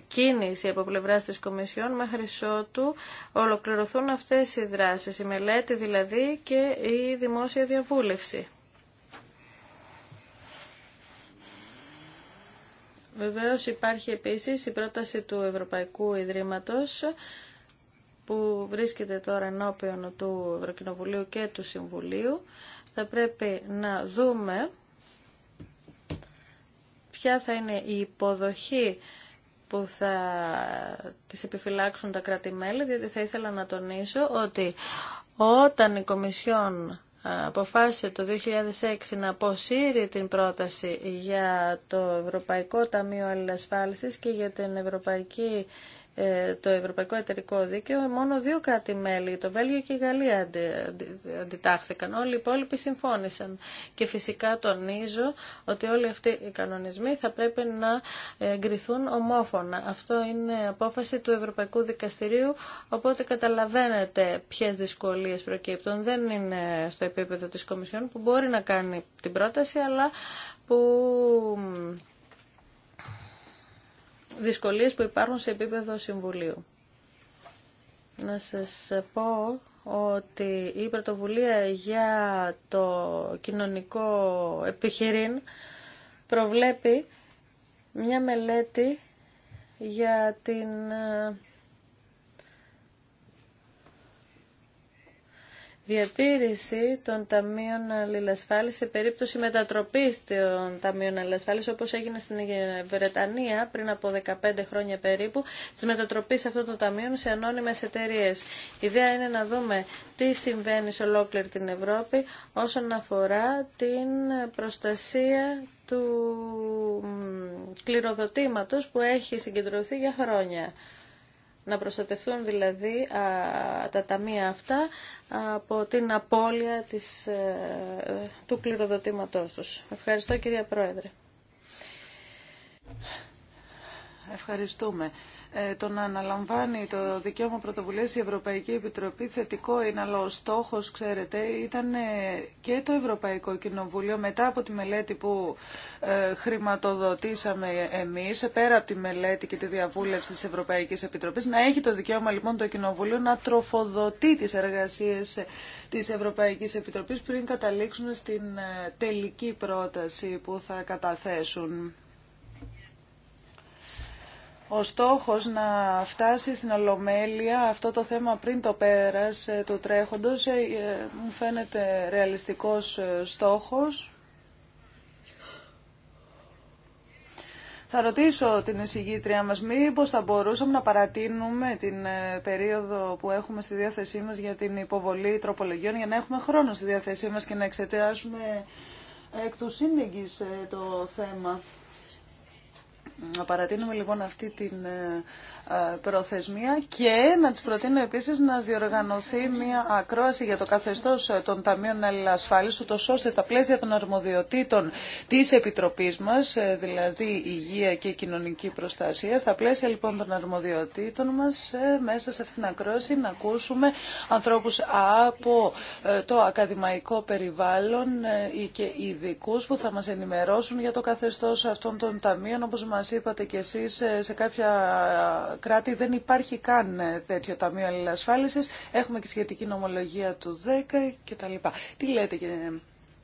κίνηση από πλευρά τη Κομισιόν μέχρι ότου ολοκληρωθούν αυτές οι δράσεις, η μελέτη δηλαδή και η δημόσια διαβούλευση. Βεβαίως υπάρχει επίσης η πρόταση του Ευρωπαϊκού Ιδρύματος που βρίσκεται τώρα ενώπιον του Ευρωκοινοβουλίου και του Συμβουλίου. Θα πρέπει να δούμε ποια θα είναι η υποδοχή που θα τις επιφυλάξουν τα κράτη-μέλη, διότι θα ήθελα να τονίσω ότι όταν η Κομισιόν ε, αποφάσισε το 2006 να αποσύρει την πρόταση για το Ευρωπαϊκό Ταμείο Αλληλασφάλισης και για την Ευρωπαϊκή ε, το Ευρωπαϊκό Εταιρικό Δίκαιο, μόνο δύο κράτη-μέλη, το Βέλγιο και η Γαλλία, αντιτάχθηκαν. Όλοι οι υπόλοιποι συμφώνησαν. Και φυσικά τονίζω ότι όλοι αυτοί οι κανονισμοί θα πρέπει να εγκριθούν ομόφωνα. Αυτό είναι απόφαση του Ευρωπαϊκού Δικαστηρίου, οπότε καταλαβαίνετε ποιες δυσκολίες προκύπτουν. Δεν είναι στο επίπεδο της Κομισιόν που μπορεί να κάνει την πρόταση, αλλά που δυσκολίες που υπάρχουν σε επίπεδο Συμβουλίου. Να σας πω ότι η πρωτοβουλία για το κοινωνικό επιχειρήν προβλέπει μια μελέτη για την ε, διατήρηση των ταμείων αλληλασφάλισης σε περίπτωση μετατροπής των ταμείων αλληλασφάλισης όπως έγινε στην Βρετανία πριν από 15 χρόνια περίπου της μετατροπής αυτών των ταμείων σε ανώνυμες εταιρείε. Η ιδέα είναι να δούμε τι συμβαίνει σε ολόκληρη την Ευρώπη όσον αφορά την προστασία του κληροδοτήματος που έχει συγκεντρωθεί για χρόνια να προστατευτούν δηλαδή τα ταμεία αυτά από την απώλεια της, ε, του κληροδοτήματός τους. Ευχαριστώ κυρία Πρόεδρε. Ευχαριστούμε. Ε, το να αναλαμβάνει το δικαίωμα πρωτοβουλίας η Ευρωπαϊκή Επιτροπή θετικό είναι, αλλά ο στόχος, ξέρετε, ήταν ε, και το Ευρωπαϊκό Κοινοβούλιο μετά από τη μελέτη που ε, χρηματοδοτήσαμε εμείς, πέρα από τη μελέτη και τη διαβούλευση της Ευρωπαϊκής Επιτροπής, να έχει το δικαίωμα λοιπόν το Κοινοβούλιο να τροφοδοτεί τις εργασίες της Ευρωπαϊκής Επιτροπής πριν καταλήξουν στην τελική πρόταση που θα καταθέσουν ο στόχος να φτάσει στην Ολομέλεια αυτό το θέμα πριν το πέρας ε, του τρέχοντος ε, ε, μου φαίνεται ρεαλιστικός στόχος. Θα ρωτήσω την εισηγήτρια μας μήπως θα μπορούσαμε να παρατείνουμε την περίοδο που έχουμε στη διάθεσή μας για την υποβολή τροπολογιών για να έχουμε χρόνο στη διάθεσή μας και να εξετάσουμε εκ του το θέμα. Να παρατείνουμε λοιπόν αυτή την ε, ε, προθεσμία και να τις προτείνω επίσης να διοργανωθεί μια ακρόαση για το καθεστώς ε, των Ταμείων Αλληλασφάλισης, ούτως ώστε τα πλαίσια των αρμοδιοτήτων της Επιτροπής μας, δηλαδή υγεία και κοινωνική προστασία, στα πλαίσια λοιπόν των αρμοδιοτήτων μας, μέσα σε αυτή την ακρόαση να ακούσουμε ανθρώπους από το ακαδημαϊκό περιβάλλον ή και ειδικού που θα μας ενημερώσουν για το καθεστώς αυτών των ταμείων, όπως μας μας είπατε κι εσείς, ε, σε κάποια κράτη δεν υπάρχει καν ε, τέτοιο ταμείο αλληλασφάλισης. Έχουμε και σχετική νομολογία του 10 κτλ. Τι λέτε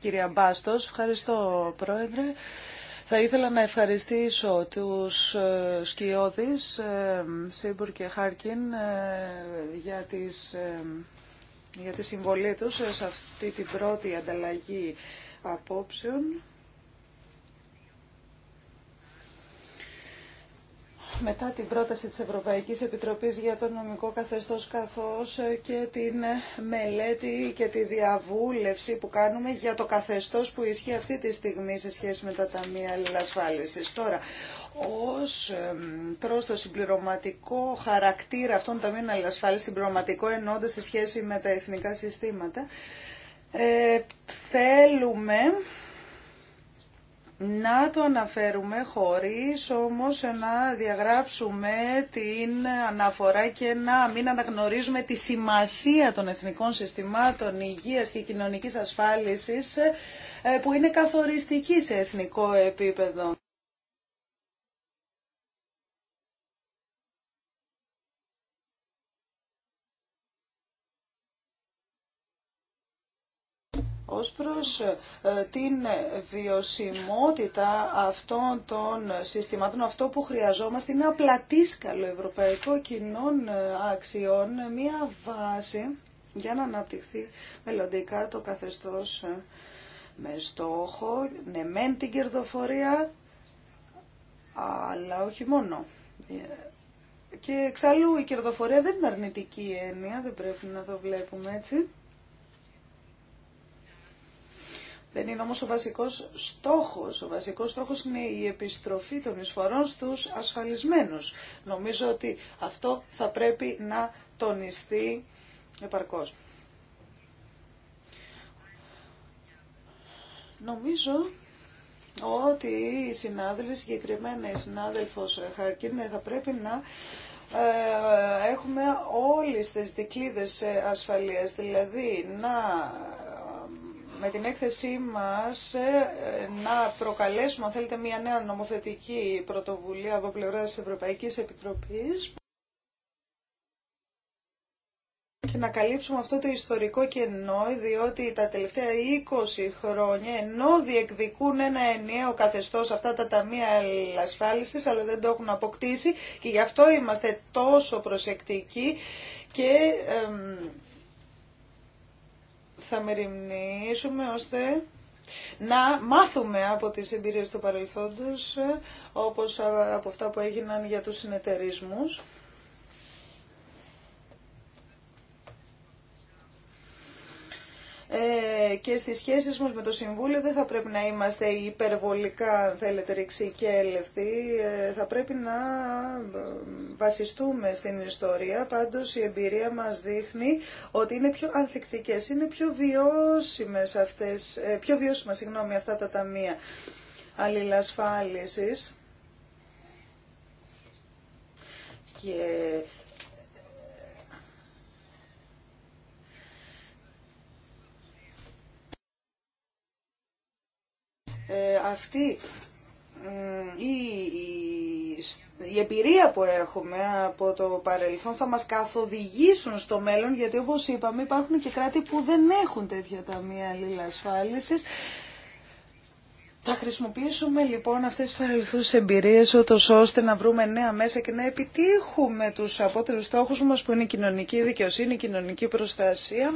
κυρία Μπάστος, ευχαριστώ πρόεδρε. Θα ήθελα να ευχαριστήσω τους ε, σκιώδεις Σίμπουρ και Χάρκιν για τις για τη συμβολή τους σε αυτή την πρώτη ανταλλαγή απόψεων. μετά την πρόταση της Ευρωπαϊκής Επιτροπής για το νομικό καθεστώς καθώς και την μελέτη και τη διαβούλευση που κάνουμε για το καθεστώς που ισχύει αυτή τη στιγμή σε σχέση με τα Ταμεία Αλληλασφάλισης. Τώρα, ως προς το συμπληρωματικό χαρακτήρα αυτών των Ταμείων Αλληλασφάλισης, συμπληρωματικό ενώντας σε σχέση με τα εθνικά συστήματα, ε, θέλουμε να το αναφέρουμε χωρίς όμως να διαγράψουμε την αναφορά και να μην αναγνωρίζουμε τη σημασία των εθνικών συστημάτων υγείας και κοινωνικής ασφάλισης ε, που είναι καθοριστική σε εθνικό επίπεδο. ως προς ε, την βιωσιμότητα αυτών των συστημάτων. Αυτό που χρειαζόμαστε είναι απλατήσκαλο ευρωπαϊκό κοινών ε, αξιών, μια βάση για να αναπτυχθεί μελλοντικά το καθεστώς ε, με στόχο, ναι μεν την κερδοφορία, αλλά όχι μόνο. Και εξάλλου η κερδοφορία δεν είναι αρνητική έννοια, δεν πρέπει να το βλέπουμε έτσι. Δεν είναι όμως ο βασικός στόχος. Ο βασικός στόχος είναι η επιστροφή των εισφορών στους ασφαλισμένους. Νομίζω ότι αυτό θα πρέπει να τονιστεί επαρκώς. Νομίζω ότι οι συνάδελφοι, συγκεκριμένα η συνάδελφος Χαρκίν, θα πρέπει να ε, έχουμε όλες τις δικλείδες ασφαλείας, δηλαδή να με την έκθεσή μας ε, να προκαλέσουμε, αν θέλετε, μια νέα νομοθετική πρωτοβουλία από πλευρά της Ευρωπαϊκής Επιτροπής και να καλύψουμε αυτό το ιστορικό κενό, διότι τα τελευταία 20 χρόνια, ενώ διεκδικούν ένα ενιαίο καθεστώς αυτά τα ταμεία ασφάλισης, αλλά δεν το έχουν αποκτήσει και γι' αυτό είμαστε τόσο προσεκτικοί και θα μεριμνήσουμε ώστε να μάθουμε από τις εμπειρίες του παρελθόντος, όπως από αυτά που έγιναν για τους συνεταιρισμούς. Ε, και στις σχέσεις μας με το Συμβούλιο δεν θα πρέπει να είμαστε υπερβολικά, αν θέλετε, ρηξοί και ε, θα πρέπει να ε, βασιστούμε στην ιστορία. Πάντως η εμπειρία μας δείχνει ότι είναι πιο ανθεκτικές, είναι πιο βιώσιμες αυτές, πιο βιώσιμα, συγγνώμη, αυτά τα ταμεία αλληλασφάλισης. Και Ε, αυτή η εμπειρία που έχουμε από το παρελθόν θα μας καθοδηγήσουν στο μέλλον γιατί όπως είπαμε υπάρχουν και κράτη που δεν έχουν τέτοια ταμεία αλληλασφάλισης. Θα χρησιμοποιήσουμε λοιπόν αυτές τις παρελθούς εμπειρίες ώστε να βρούμε νέα μέσα και να επιτύχουμε τους απότερους στόχους μας που είναι η κοινωνική δικαιοσύνη, η κοινωνική προστασία.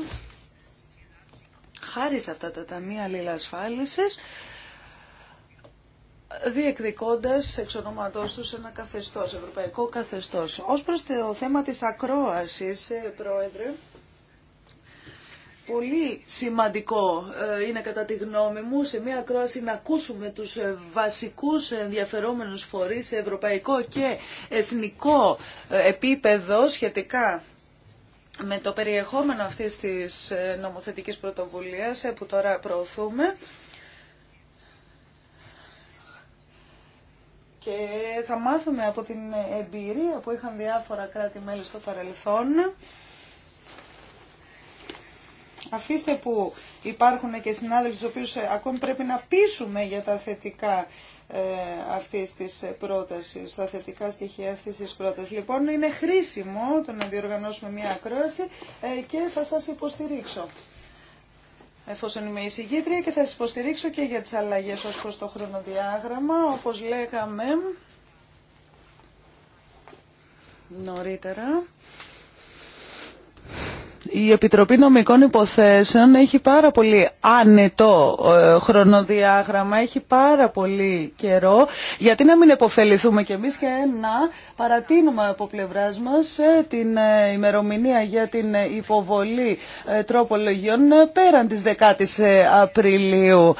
Χάρη σε αυτά τα ταμεία αλληλασφάλισης διεκδικώντας εξ ονόματός τους ένα καθεστώς, ευρωπαϊκό καθεστώς. Ως προς το θέμα της ακρόασης, ε, Πρόεδρε, πολύ σημαντικό ε, είναι κατά τη γνώμη μου σε μια ακρόαση να ακούσουμε τους ε, βασικούς ενδιαφερόμενους φορείς σε ευρωπαϊκό και εθνικό επίπεδο σχετικά με το περιεχόμενο αυτής της νομοθετικής πρωτοβουλίας που τώρα προωθούμε. και θα μάθουμε από την εμπειρία που είχαν διάφορα κράτη-μέλη στο παρελθόν. Αφήστε που υπάρχουν και συνάδελφοι στους οποίους ε, ακόμη πρέπει να πείσουμε για τα θετικά ε, αυτής της πρότασης, τα θετικά στοιχεία αυτής της πρότασης. Λοιπόν, είναι χρήσιμο το να διοργανώσουμε μια ακρόαση ε, και θα σας υποστηρίξω εφόσον είμαι η συγκήτρια και θα σας υποστηρίξω και για τις αλλαγές ως προς το χρονοδιάγραμμα, όπως λέγαμε νωρίτερα. Η Επιτροπή Νομικών Υποθέσεων έχει πάρα πολύ άνετο ε, χρονοδιάγραμμα, έχει πάρα πολύ καιρό. Γιατί να μην επωφεληθούμε κι εμείς και να παρατείνουμε από πλευράς μας ε, την ε, ημερομηνία για την υποβολή τροπολογιών πέραν της 10ης Απριλίου.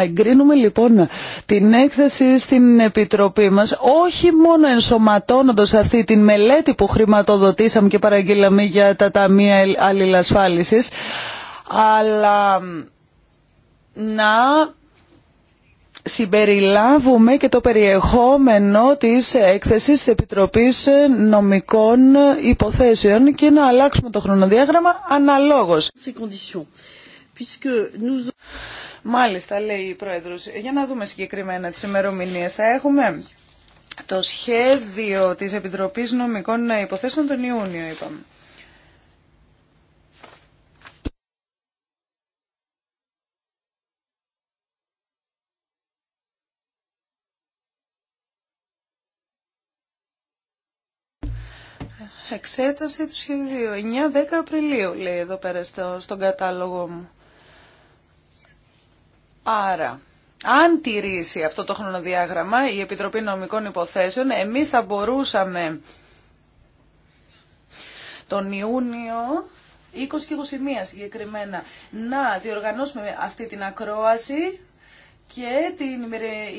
εγκρίνουμε λοιπόν την έκθεση στην Επιτροπή μας όχι μόνο ενσωματώνοντας αυτή την μελέτη που χρηματοδοτήσαμε και παραγγείλαμε για τα Ταμεία Αλληλασφάλισης αλλά να συμπεριλάβουμε και το περιεχόμενο της έκθεσης της Επιτροπής Νομικών Υποθέσεων και να αλλάξουμε το χρονοδιάγραμμα αναλόγως. Μάλιστα, λέει η Πρόεδρος, για να δούμε συγκεκριμένα τι ημερομηνίε. Θα έχουμε το σχέδιο της Επιτροπής Νομικών Υποθέσεων τον Ιούνιο, είπαμε. Εξέταση του σχεδίου 9-10 Απριλίου λέει εδώ πέρα στον κατάλογο μου. Άρα, αν τηρήσει αυτό το χρονοδιάγραμμα η Επιτροπή Νομικών Υποθέσεων, εμείς θα μπορούσαμε τον Ιούνιο 20 και 21 συγκεκριμένα να διοργανώσουμε αυτή την ακρόαση και την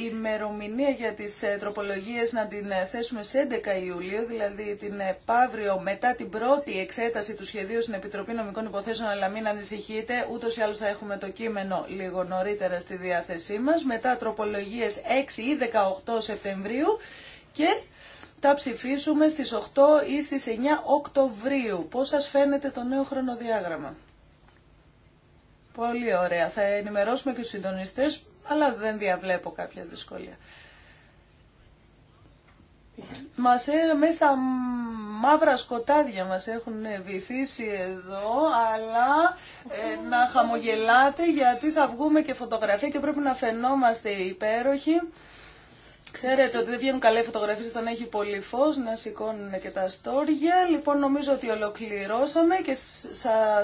ημερομηνία για τις ε, τροπολογίες να την ε, θέσουμε σε 11 Ιουλίου, δηλαδή την ε, παύριο μετά την πρώτη εξέταση του σχεδίου στην Επιτροπή Νομικών Υποθέσεων, αλλά μην ανησυχείτε, ούτως ή άλλως θα έχουμε το κείμενο λίγο νωρίτερα στη διάθεσή μας, μετά τροπολογίες 6 ή 18 Σεπτεμβρίου και τα ψηφίσουμε στις 8 ή στις 9 Οκτωβρίου. Πώς σας φαίνεται το νέο χρονοδιάγραμμα. Πολύ ωραία. Θα ενημερώσουμε και τους συντονιστές αλλά δεν διαβλέπω κάποια δυσκολία. Μας, ε, μέσα στα μαύρα σκοτάδια μας έχουν βυθίσει εδώ, αλλά ε, να χαμογελάτε γιατί θα βγούμε και φωτογραφία και πρέπει να φαινόμαστε υπέροχοι. Ξέρετε ότι δεν βγαίνουν καλέ φωτογραφίε όταν έχει πολύ φω, να σηκώνουν και τα στόρια. Λοιπόν, νομίζω ότι ολοκληρώσαμε και σα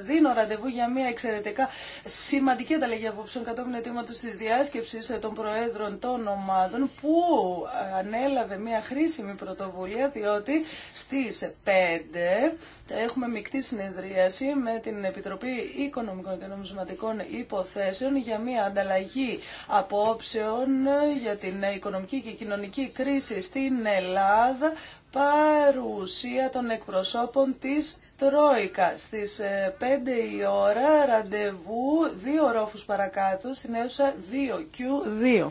δίνω ραντεβού για μια εξαιρετικά σημαντική ανταλλαγή απόψεων κατόπιν αιτήματο τη διάσκεψη των Προέδρων των Ομάδων, που ανέλαβε μια χρήσιμη πρωτοβουλία, διότι στι 5 έχουμε μεικτή συνεδρίαση με την Επιτροπή Οικονομικών και Νομισματικών Υποθέσεων για μια ανταλλαγή απόψεων για την οικονομική και κοινωνική κρίση στην Ελλάδα παρουσία των εκπροσώπων της Τρόικα. Στις 5 ε, η ώρα ραντεβού δύο ρόφους παρακάτω στην αίθουσα 2Q2.